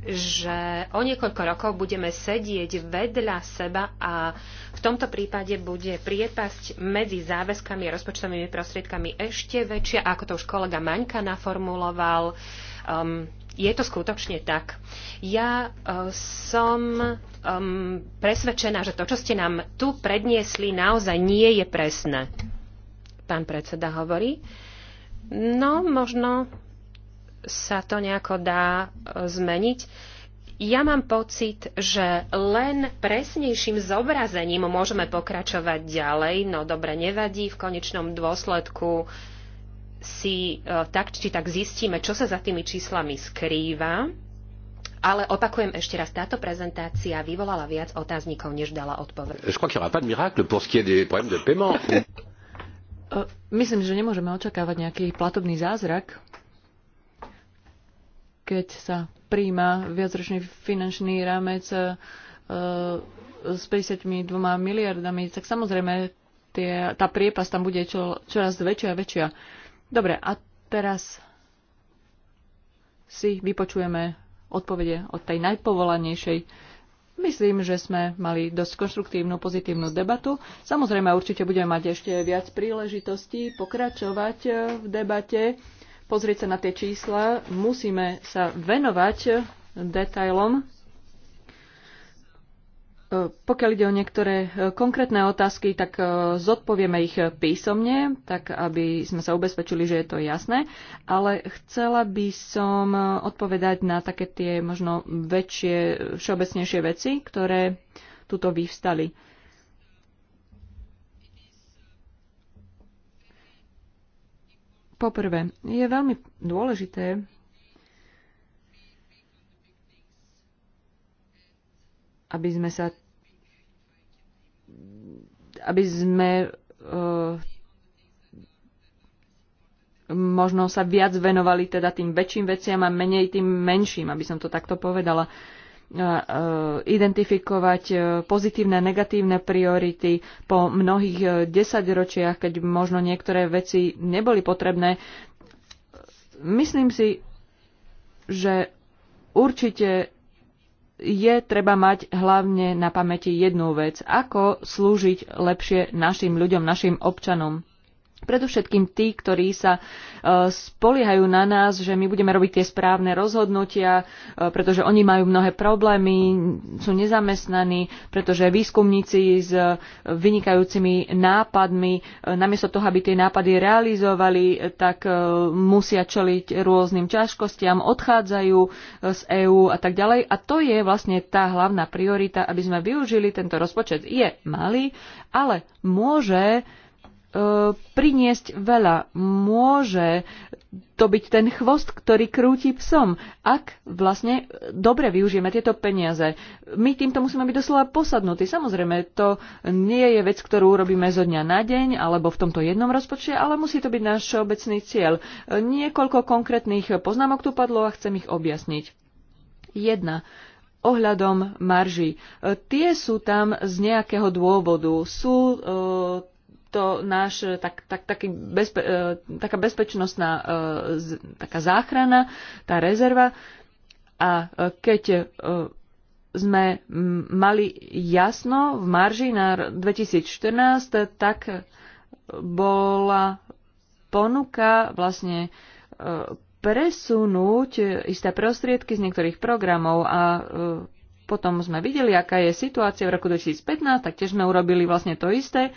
Speaker 1: že o niekoľko rokov budeme sedieť vedľa seba a v tomto prípade bude priepasť medzi záväzkami a rozpočtovými prostriedkami ešte väčšia, ako to už kolega Maňka naformuloval. Um, je to skutočne tak. Ja e, som presvedčená, že to, čo ste nám tu predniesli, naozaj nie je presné. Pán predseda hovorí. No, možno sa to nejako dá e, zmeniť. Ja mám pocit, že len presnejším zobrazením môžeme pokračovať ďalej. No dobre, nevadí. V konečnom dôsledku uh, si e, tak či tak zistíme, čo sa za tými číslami skrýva. Ale opakujem ešte raz, táto prezentácia vyvolala viac otáznikov, než dala odpoveď.
Speaker 3: E, myslím, že nemôžeme očakávať nejaký platobný zázrak, keď sa príjma viacročný finančný rámec e, s 52 miliardami, tak samozrejme tie, tá priepas tam bude čo, čoraz väčšia a väčšia. Dobre, a teraz si vypočujeme odpovede od tej najpovolanejšej. Myslím, že sme mali dosť konštruktívnu, pozitívnu debatu. Samozrejme, určite budeme mať ešte viac príležitostí pokračovať eh, v debate, pozrieť sa na tie čísla. Musíme sa venovať detailom pokiaľ ide o niektoré e, konkrétne otázky, tak e, zodpovieme ich písomne, tak aby sme sa ubezpečili, že je to jasné. Ale chcela by som e, odpovedať na také tie možno väčšie, všeobecnejšie veci, ktoré tuto vyvstali. Poprvé, je veľmi dôležité aby sme sa aby sme eh, možno sa viac venovali teda tým väčším veciam a menej tým menším, aby som to takto povedala. Eh, eh, identifikovať pozitívne a negatívne priority po mnohých desaťročiach, keď možno niektoré veci neboli potrebné. Myslím si, že určite je treba mať hlavne na pamäti jednu vec. Ako slúžiť lepšie našim ľuďom, našim občanom. Predovšetkým tí, ktorí sa e, spoliehajú na nás, že my budeme robiť tie správne rozhodnutia, e, pretože oni majú mnohé problémy, sú nezamestnaní, pretože výskumníci s e, vynikajúcimi nápadmi, namiesto toho, aby tie nápady realizovali, tak musia čeliť rôznym ťažkostiam, odchádzajú z EÚ a tak ďalej. A to je vlastne tá hlavná priorita, aby sme využili tento rozpočet. Je malý, ale môže E, priniesť veľa. Môže to byť ten chvost, ktorý krúti psom, ak vlastne dobre využijeme tieto peniaze. My týmto musíme byť doslova posadnutí. Samozrejme, to nie je vec, ktorú urobíme zo dňa na deň alebo v tomto jednom rozpočte, ale musí to byť náš obecný cieľ. Niekoľko konkrétnych poznámok tu padlo a chcem ich objasniť. Jedna ohľadom marží. E, tie sú tam z nejakého dôvodu. Sú e, to náš, eh, tak, tak, taký bezpe, eh, taká bezpečnostná eh, taká záchrana, tá rezerva. A keď sme mali jasno v marži na 2014, tak bola ponuka vlastne presunúť isté prostriedky z niektorých programov a potom sme videli, aká je situácia v roku 2015, tak tiež sme urobili vlastne to isté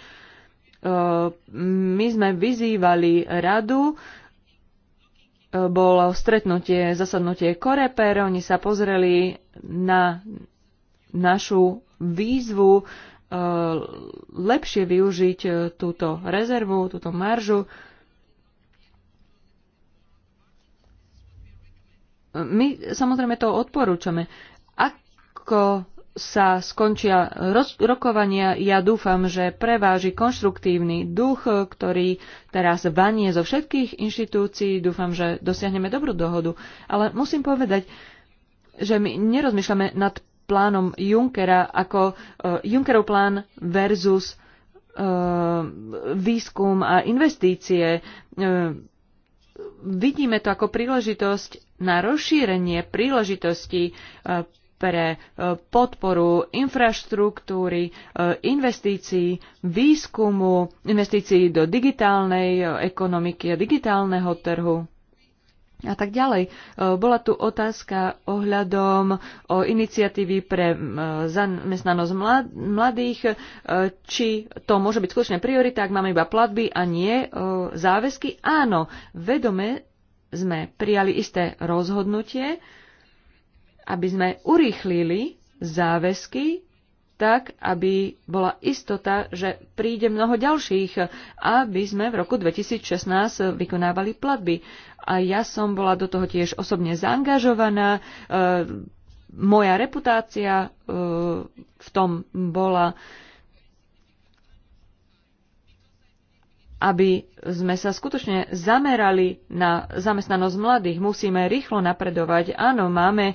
Speaker 3: my sme vyzývali radu, bolo stretnutie, zasadnutie Koreper, oni sa pozreli na našu výzvu e, lepšie využiť e, túto rezervu, túto maržu. E, my samozrejme to odporúčame. Ako sa skončia rokovania, ja dúfam, že preváži konštruktívny duch, ktorý teraz vanie zo všetkých inštitúcií. Dúfam, že dosiahneme dobrú dohodu. Ale musím povedať, že my nerozmýšľame nad plánom Junckera ako uh, Junckerov plán versus uh, výskum a investície. Uh, vidíme to ako príležitosť na rozšírenie príležitosti. uh, pre e, podporu infraštruktúry, e, investícií, výskumu, investícií do digitálnej e, ekonomiky a digitálneho trhu a tak ďalej. Bola tu otázka ohľadom o iniciatívy pre zamestnanosť mladých, či to môže byť skutočne priorita, ak máme iba platby a nie záväzky. Áno, vedome sme prijali isté rozhodnutie, aby sme urýchlili záväzky tak, aby bola istota, že príde mnoho ďalších, aby sme v roku 2016 vykonávali platby. A ja som bola do toho tiež osobne zaangažovaná, e, moja reputácia e, v tom bola aby sme sa skutočne zamerali na zamestnanosť mladých. Musíme rýchlo napredovať. Áno, máme e,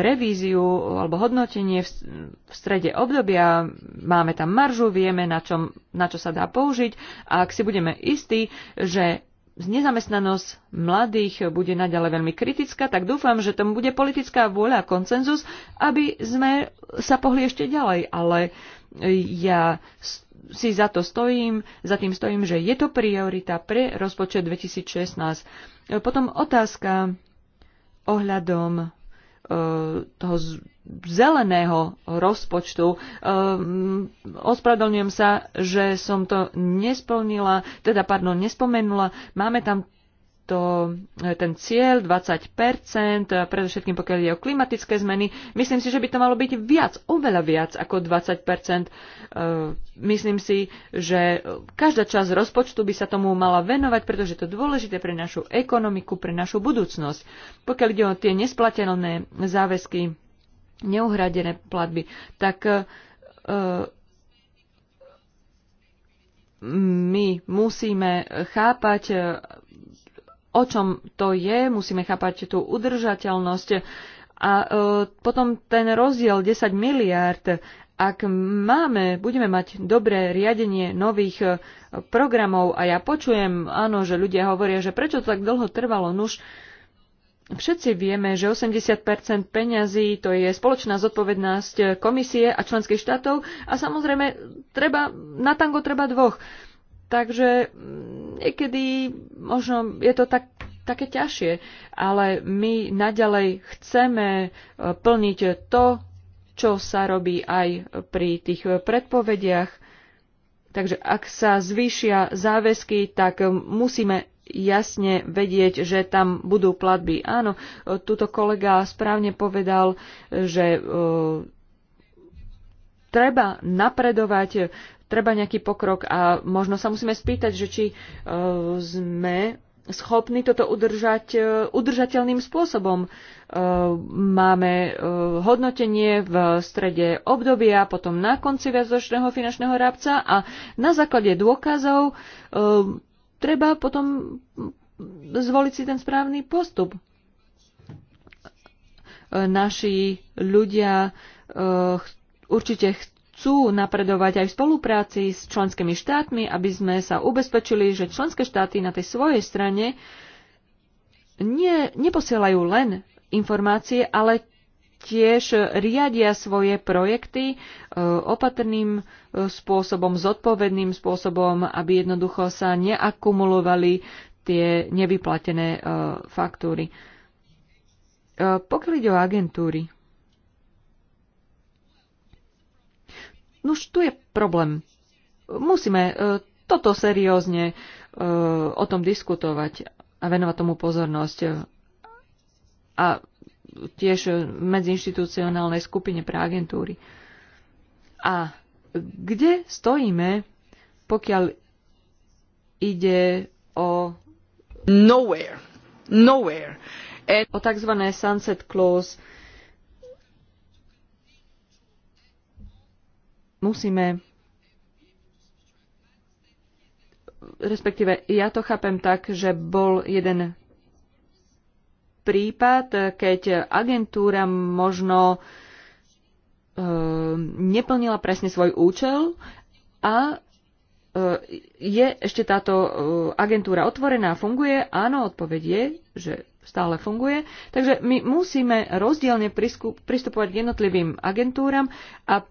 Speaker 3: revíziu alebo hodnotenie v strede obdobia, máme tam maržu, vieme, na, čom, na čo sa dá použiť. A ak si budeme istí, že nezamestnanosť mladých bude naďalej veľmi kritická, tak dúfam, že tomu bude politická vôľa a koncenzus, aby sme sa pohli ešte ďalej. Ale uh, ja si za to stojím, za tým stojím, že je to priorita pre rozpočet 2016. E, potom otázka ohľadom e, toho zeleného rozpočtu. E, ospravedlňujem sa, že som to nesplnila, teda pardon, nespomenula. Máme tam to, e, ten cieľ 20%, predovšetkým pokiaľ ide o klimatické zmeny. Myslím si, že by to malo byť viac, oveľa viac ako 20%. E, myslím si, že každá časť rozpočtu by sa tomu mala venovať, pretože to dôležité pre našu ekonomiku, pre našu budúcnosť. Pokiaľ ide o tie nesplatené záväzky, neuhradené platby, tak e, my musíme chápať o čom to je, musíme chápať tú udržateľnosť a e, potom ten rozdiel 10 miliárd, ak máme, budeme mať dobré riadenie nových e, programov a ja počujem, áno, že ľudia hovoria, že prečo to tak dlho trvalo, nuž Všetci vieme, že 80 peňazí to je spoločná zodpovednosť e, komisie a členských štátov a samozrejme treba, na tango treba dvoch. Takže mm, niekedy možno je to tak, také ťažšie, ale my naďalej chceme e, plniť to, čo sa robí aj pri tých predpovediach. Takže ak sa zvýšia záväzky, tak musíme jasne vedieť, že tam budú platby. Áno, tuto kolega správne povedal, že e, treba napredovať treba nejaký pokrok a možno sa musíme spýtať, že či e, sme schopní toto udržať e, udržateľným spôsobom. E, máme hodnotenie v strede obdobia, potom na konci viacročného finančného rábca a na základe dôkazov treba potom zvoliť si ten správny postup. Naši ľudia určite chcú chcú napredovať aj v spolupráci s členskými štátmi, aby sme sa ubezpečili, že členské štáty na tej svojej strane nie, neposielajú len informácie, ale tiež riadia svoje projekty e, opatrným e, spôsobom, zodpovedným spôsobom, aby jednoducho sa neakumulovali tie nevyplatené e, faktúry. Pokiaľ ide o agentúry, Nuž, tu je problém. Musíme e, toto seriózne e, o tom diskutovať a venovať tomu pozornosť. A tiež medziinstitucionálnej skupine pre agentúry. A kde stojíme, pokiaľ ide o nowhere, nowhere. And... o tzv. sunset clause, musíme respektíve ja to chápem tak, že bol jeden prípad, keď agentúra možno e, neplnila presne svoj účel a e, je ešte táto e, agentúra otvorená, a funguje? Áno, odpoveď je, že stále funguje. Takže my musíme rozdielne pristupovať k jednotlivým agentúram a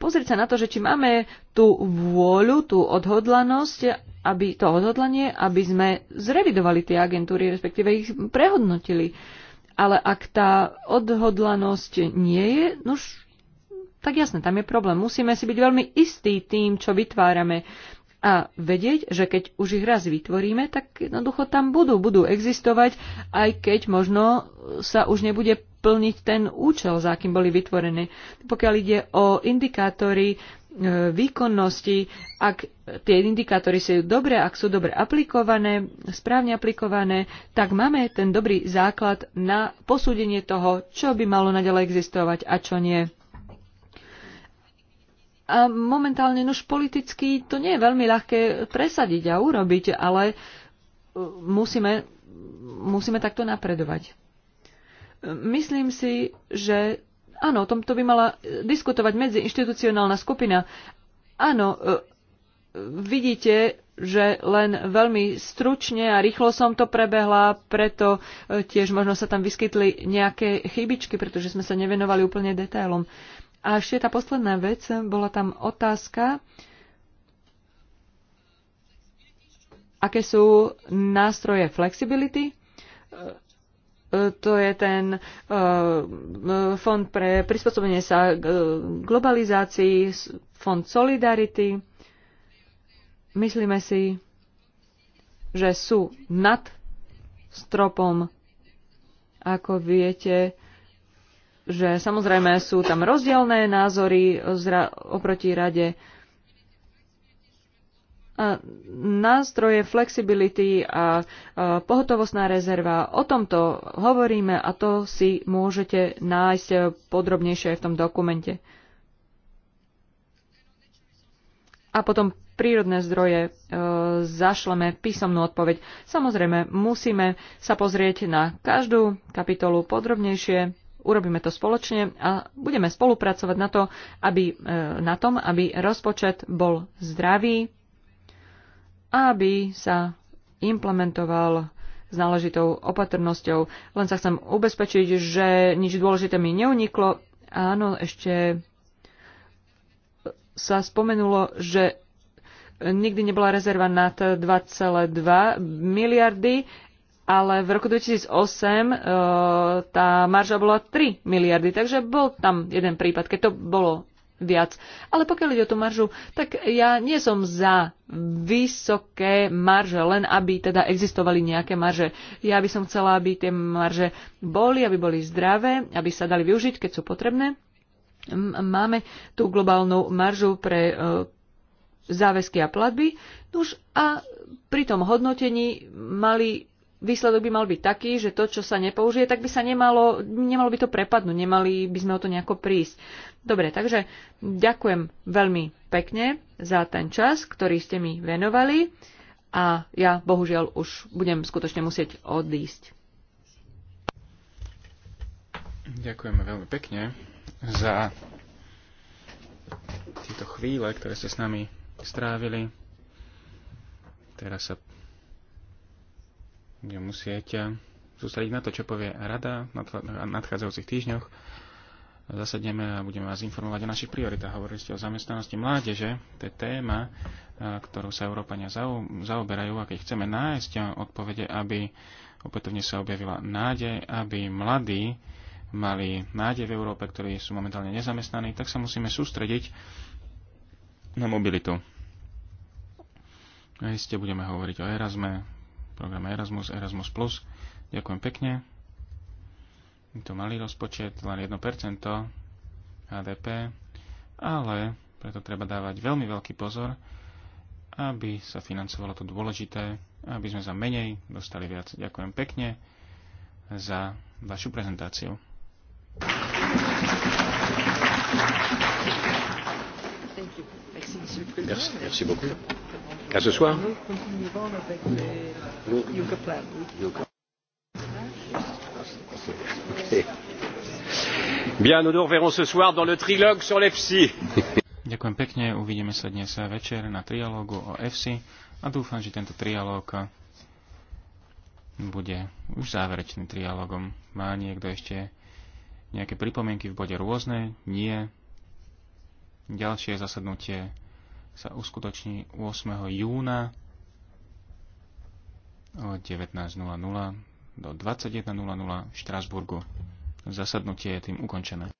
Speaker 3: pozrieť sa na to, že či máme tú vôľu, tú odhodlanosť, aby to odhodlanie, aby sme zrevidovali tie agentúry, respektíve ich prehodnotili. Ale ak tá odhodlanosť nie je, nož, tak jasne, tam je problém. Musíme si byť veľmi istí tým, čo vytvárame a vedieť, že keď už ich raz vytvoríme, tak jednoducho tam budú, budú existovať, aj keď možno sa už nebude plniť ten účel, za akým boli vytvorené. Pokiaľ ide o indikátory e, výkonnosti, ak tie indikátory sú dobré, ak sú dobre aplikované, správne aplikované, tak máme ten dobrý základ na posúdenie toho, čo by malo naďalej existovať a čo nie. A momentálne, už politicky, to nie je veľmi ľahké presadiť a urobiť, ale e, musíme, musíme takto napredovať. E, myslím si, že áno, o tomto by mala e, diskutovať medziinštitucionálna skupina. Áno, vidíte, že len veľmi stručne a rýchlo som to prebehla, preto tiež možno sa tam vyskytli nejaké chybičky, pretože sme sa nevenovali úplne detailom. A ešte tá posledná vec, bola tam otázka, aké sú nástroje flexibility. E, e, to je ten e, fond pre prispôsobenie sa globalizácii, fond solidarity. Myslíme si, že sú nad stropom, ako viete, že samozrejme sú tam rozdielne názory oproti rade. A nástroje flexibility a, a pohotovostná rezerva, o tomto hovoríme a to si môžete nájsť podrobnejšie v tom dokumente. A potom prírodné zdroje e, zašleme písomnú odpoveď. Samozrejme, musíme sa pozrieť na každú kapitolu podrobnejšie urobíme to spoločne a budeme spolupracovať na, to, aby, e, na tom, aby rozpočet bol zdravý, aby sa implementoval s náležitou opatrnosťou. Len sa chcem ubezpečiť, že nič dôležité mi neuniklo. Áno, ešte sa spomenulo, že nikdy nebola rezerva nad 2,2 miliardy ale v roku 2008 e, tá marža bola 3 miliardy, takže bol tam jeden prípad, keď to bolo viac. Ale pokiaľ ide o tú maržu, tak ja nie som za vysoké marže, len aby teda existovali nejaké marže. Ja by som chcela, aby tie marže boli, aby boli zdravé, aby sa dali využiť, keď sú potrebné. Máme tú globálnu maržu pre e, záväzky a platby. Nuž a pri tom hodnotení mali výsledok by mal byť taký, že to, čo sa nepoužije, tak by sa nemalo, nemalo by to prepadnúť, nemali by sme o to nejako prísť. Dobre, takže ďakujem veľmi pekne za ten čas, ktorý ste mi venovali a ja bohužiaľ už budem skutočne musieť odísť.
Speaker 2: Ďakujeme veľmi pekne za tieto chvíle, ktoré ste s nami strávili. Teraz sa budem sústrediť na to, čo povie rada v nadchádzajúcich týždňoch. Zasadneme a budeme vás informovať o našich prioritách. Hovorili ste o zamestnanosti mládeže. To je téma, ktorú sa Európania zaoberajú a keď chceme nájsť odpovede, aby opätovne sa objavila nádej, aby mladí mali nádej v Európe, ktorí sú momentálne nezamestnaní, tak sa musíme sústrediť na mobilitu. A iste budeme hovoriť o Erasme, program Erasmus, Erasmus+. Ďakujem pekne. Je to malý rozpočet, len 1% HDP, ale preto treba dávať veľmi veľký pozor, aby sa financovalo to dôležité, aby sme za menej dostali viac. Ďakujem pekne za vašu prezentáciu. Merci, beaucoup. À ce soir. Bien, nous nous reverrons ce soir dans le trilogue sur Ďakujem pekne, uvidíme sa dnes večer na trialógu o FC a dúfam, že tento trialóg bude už záverečným trialógom. Má niekto ešte nejaké pripomienky v bode rôzne? Nie. Ďalšie zasadnutie sa uskutoční 8. júna o 19.00 do 21.00 v Štrásburgu. Zasadnutie je tým ukončené.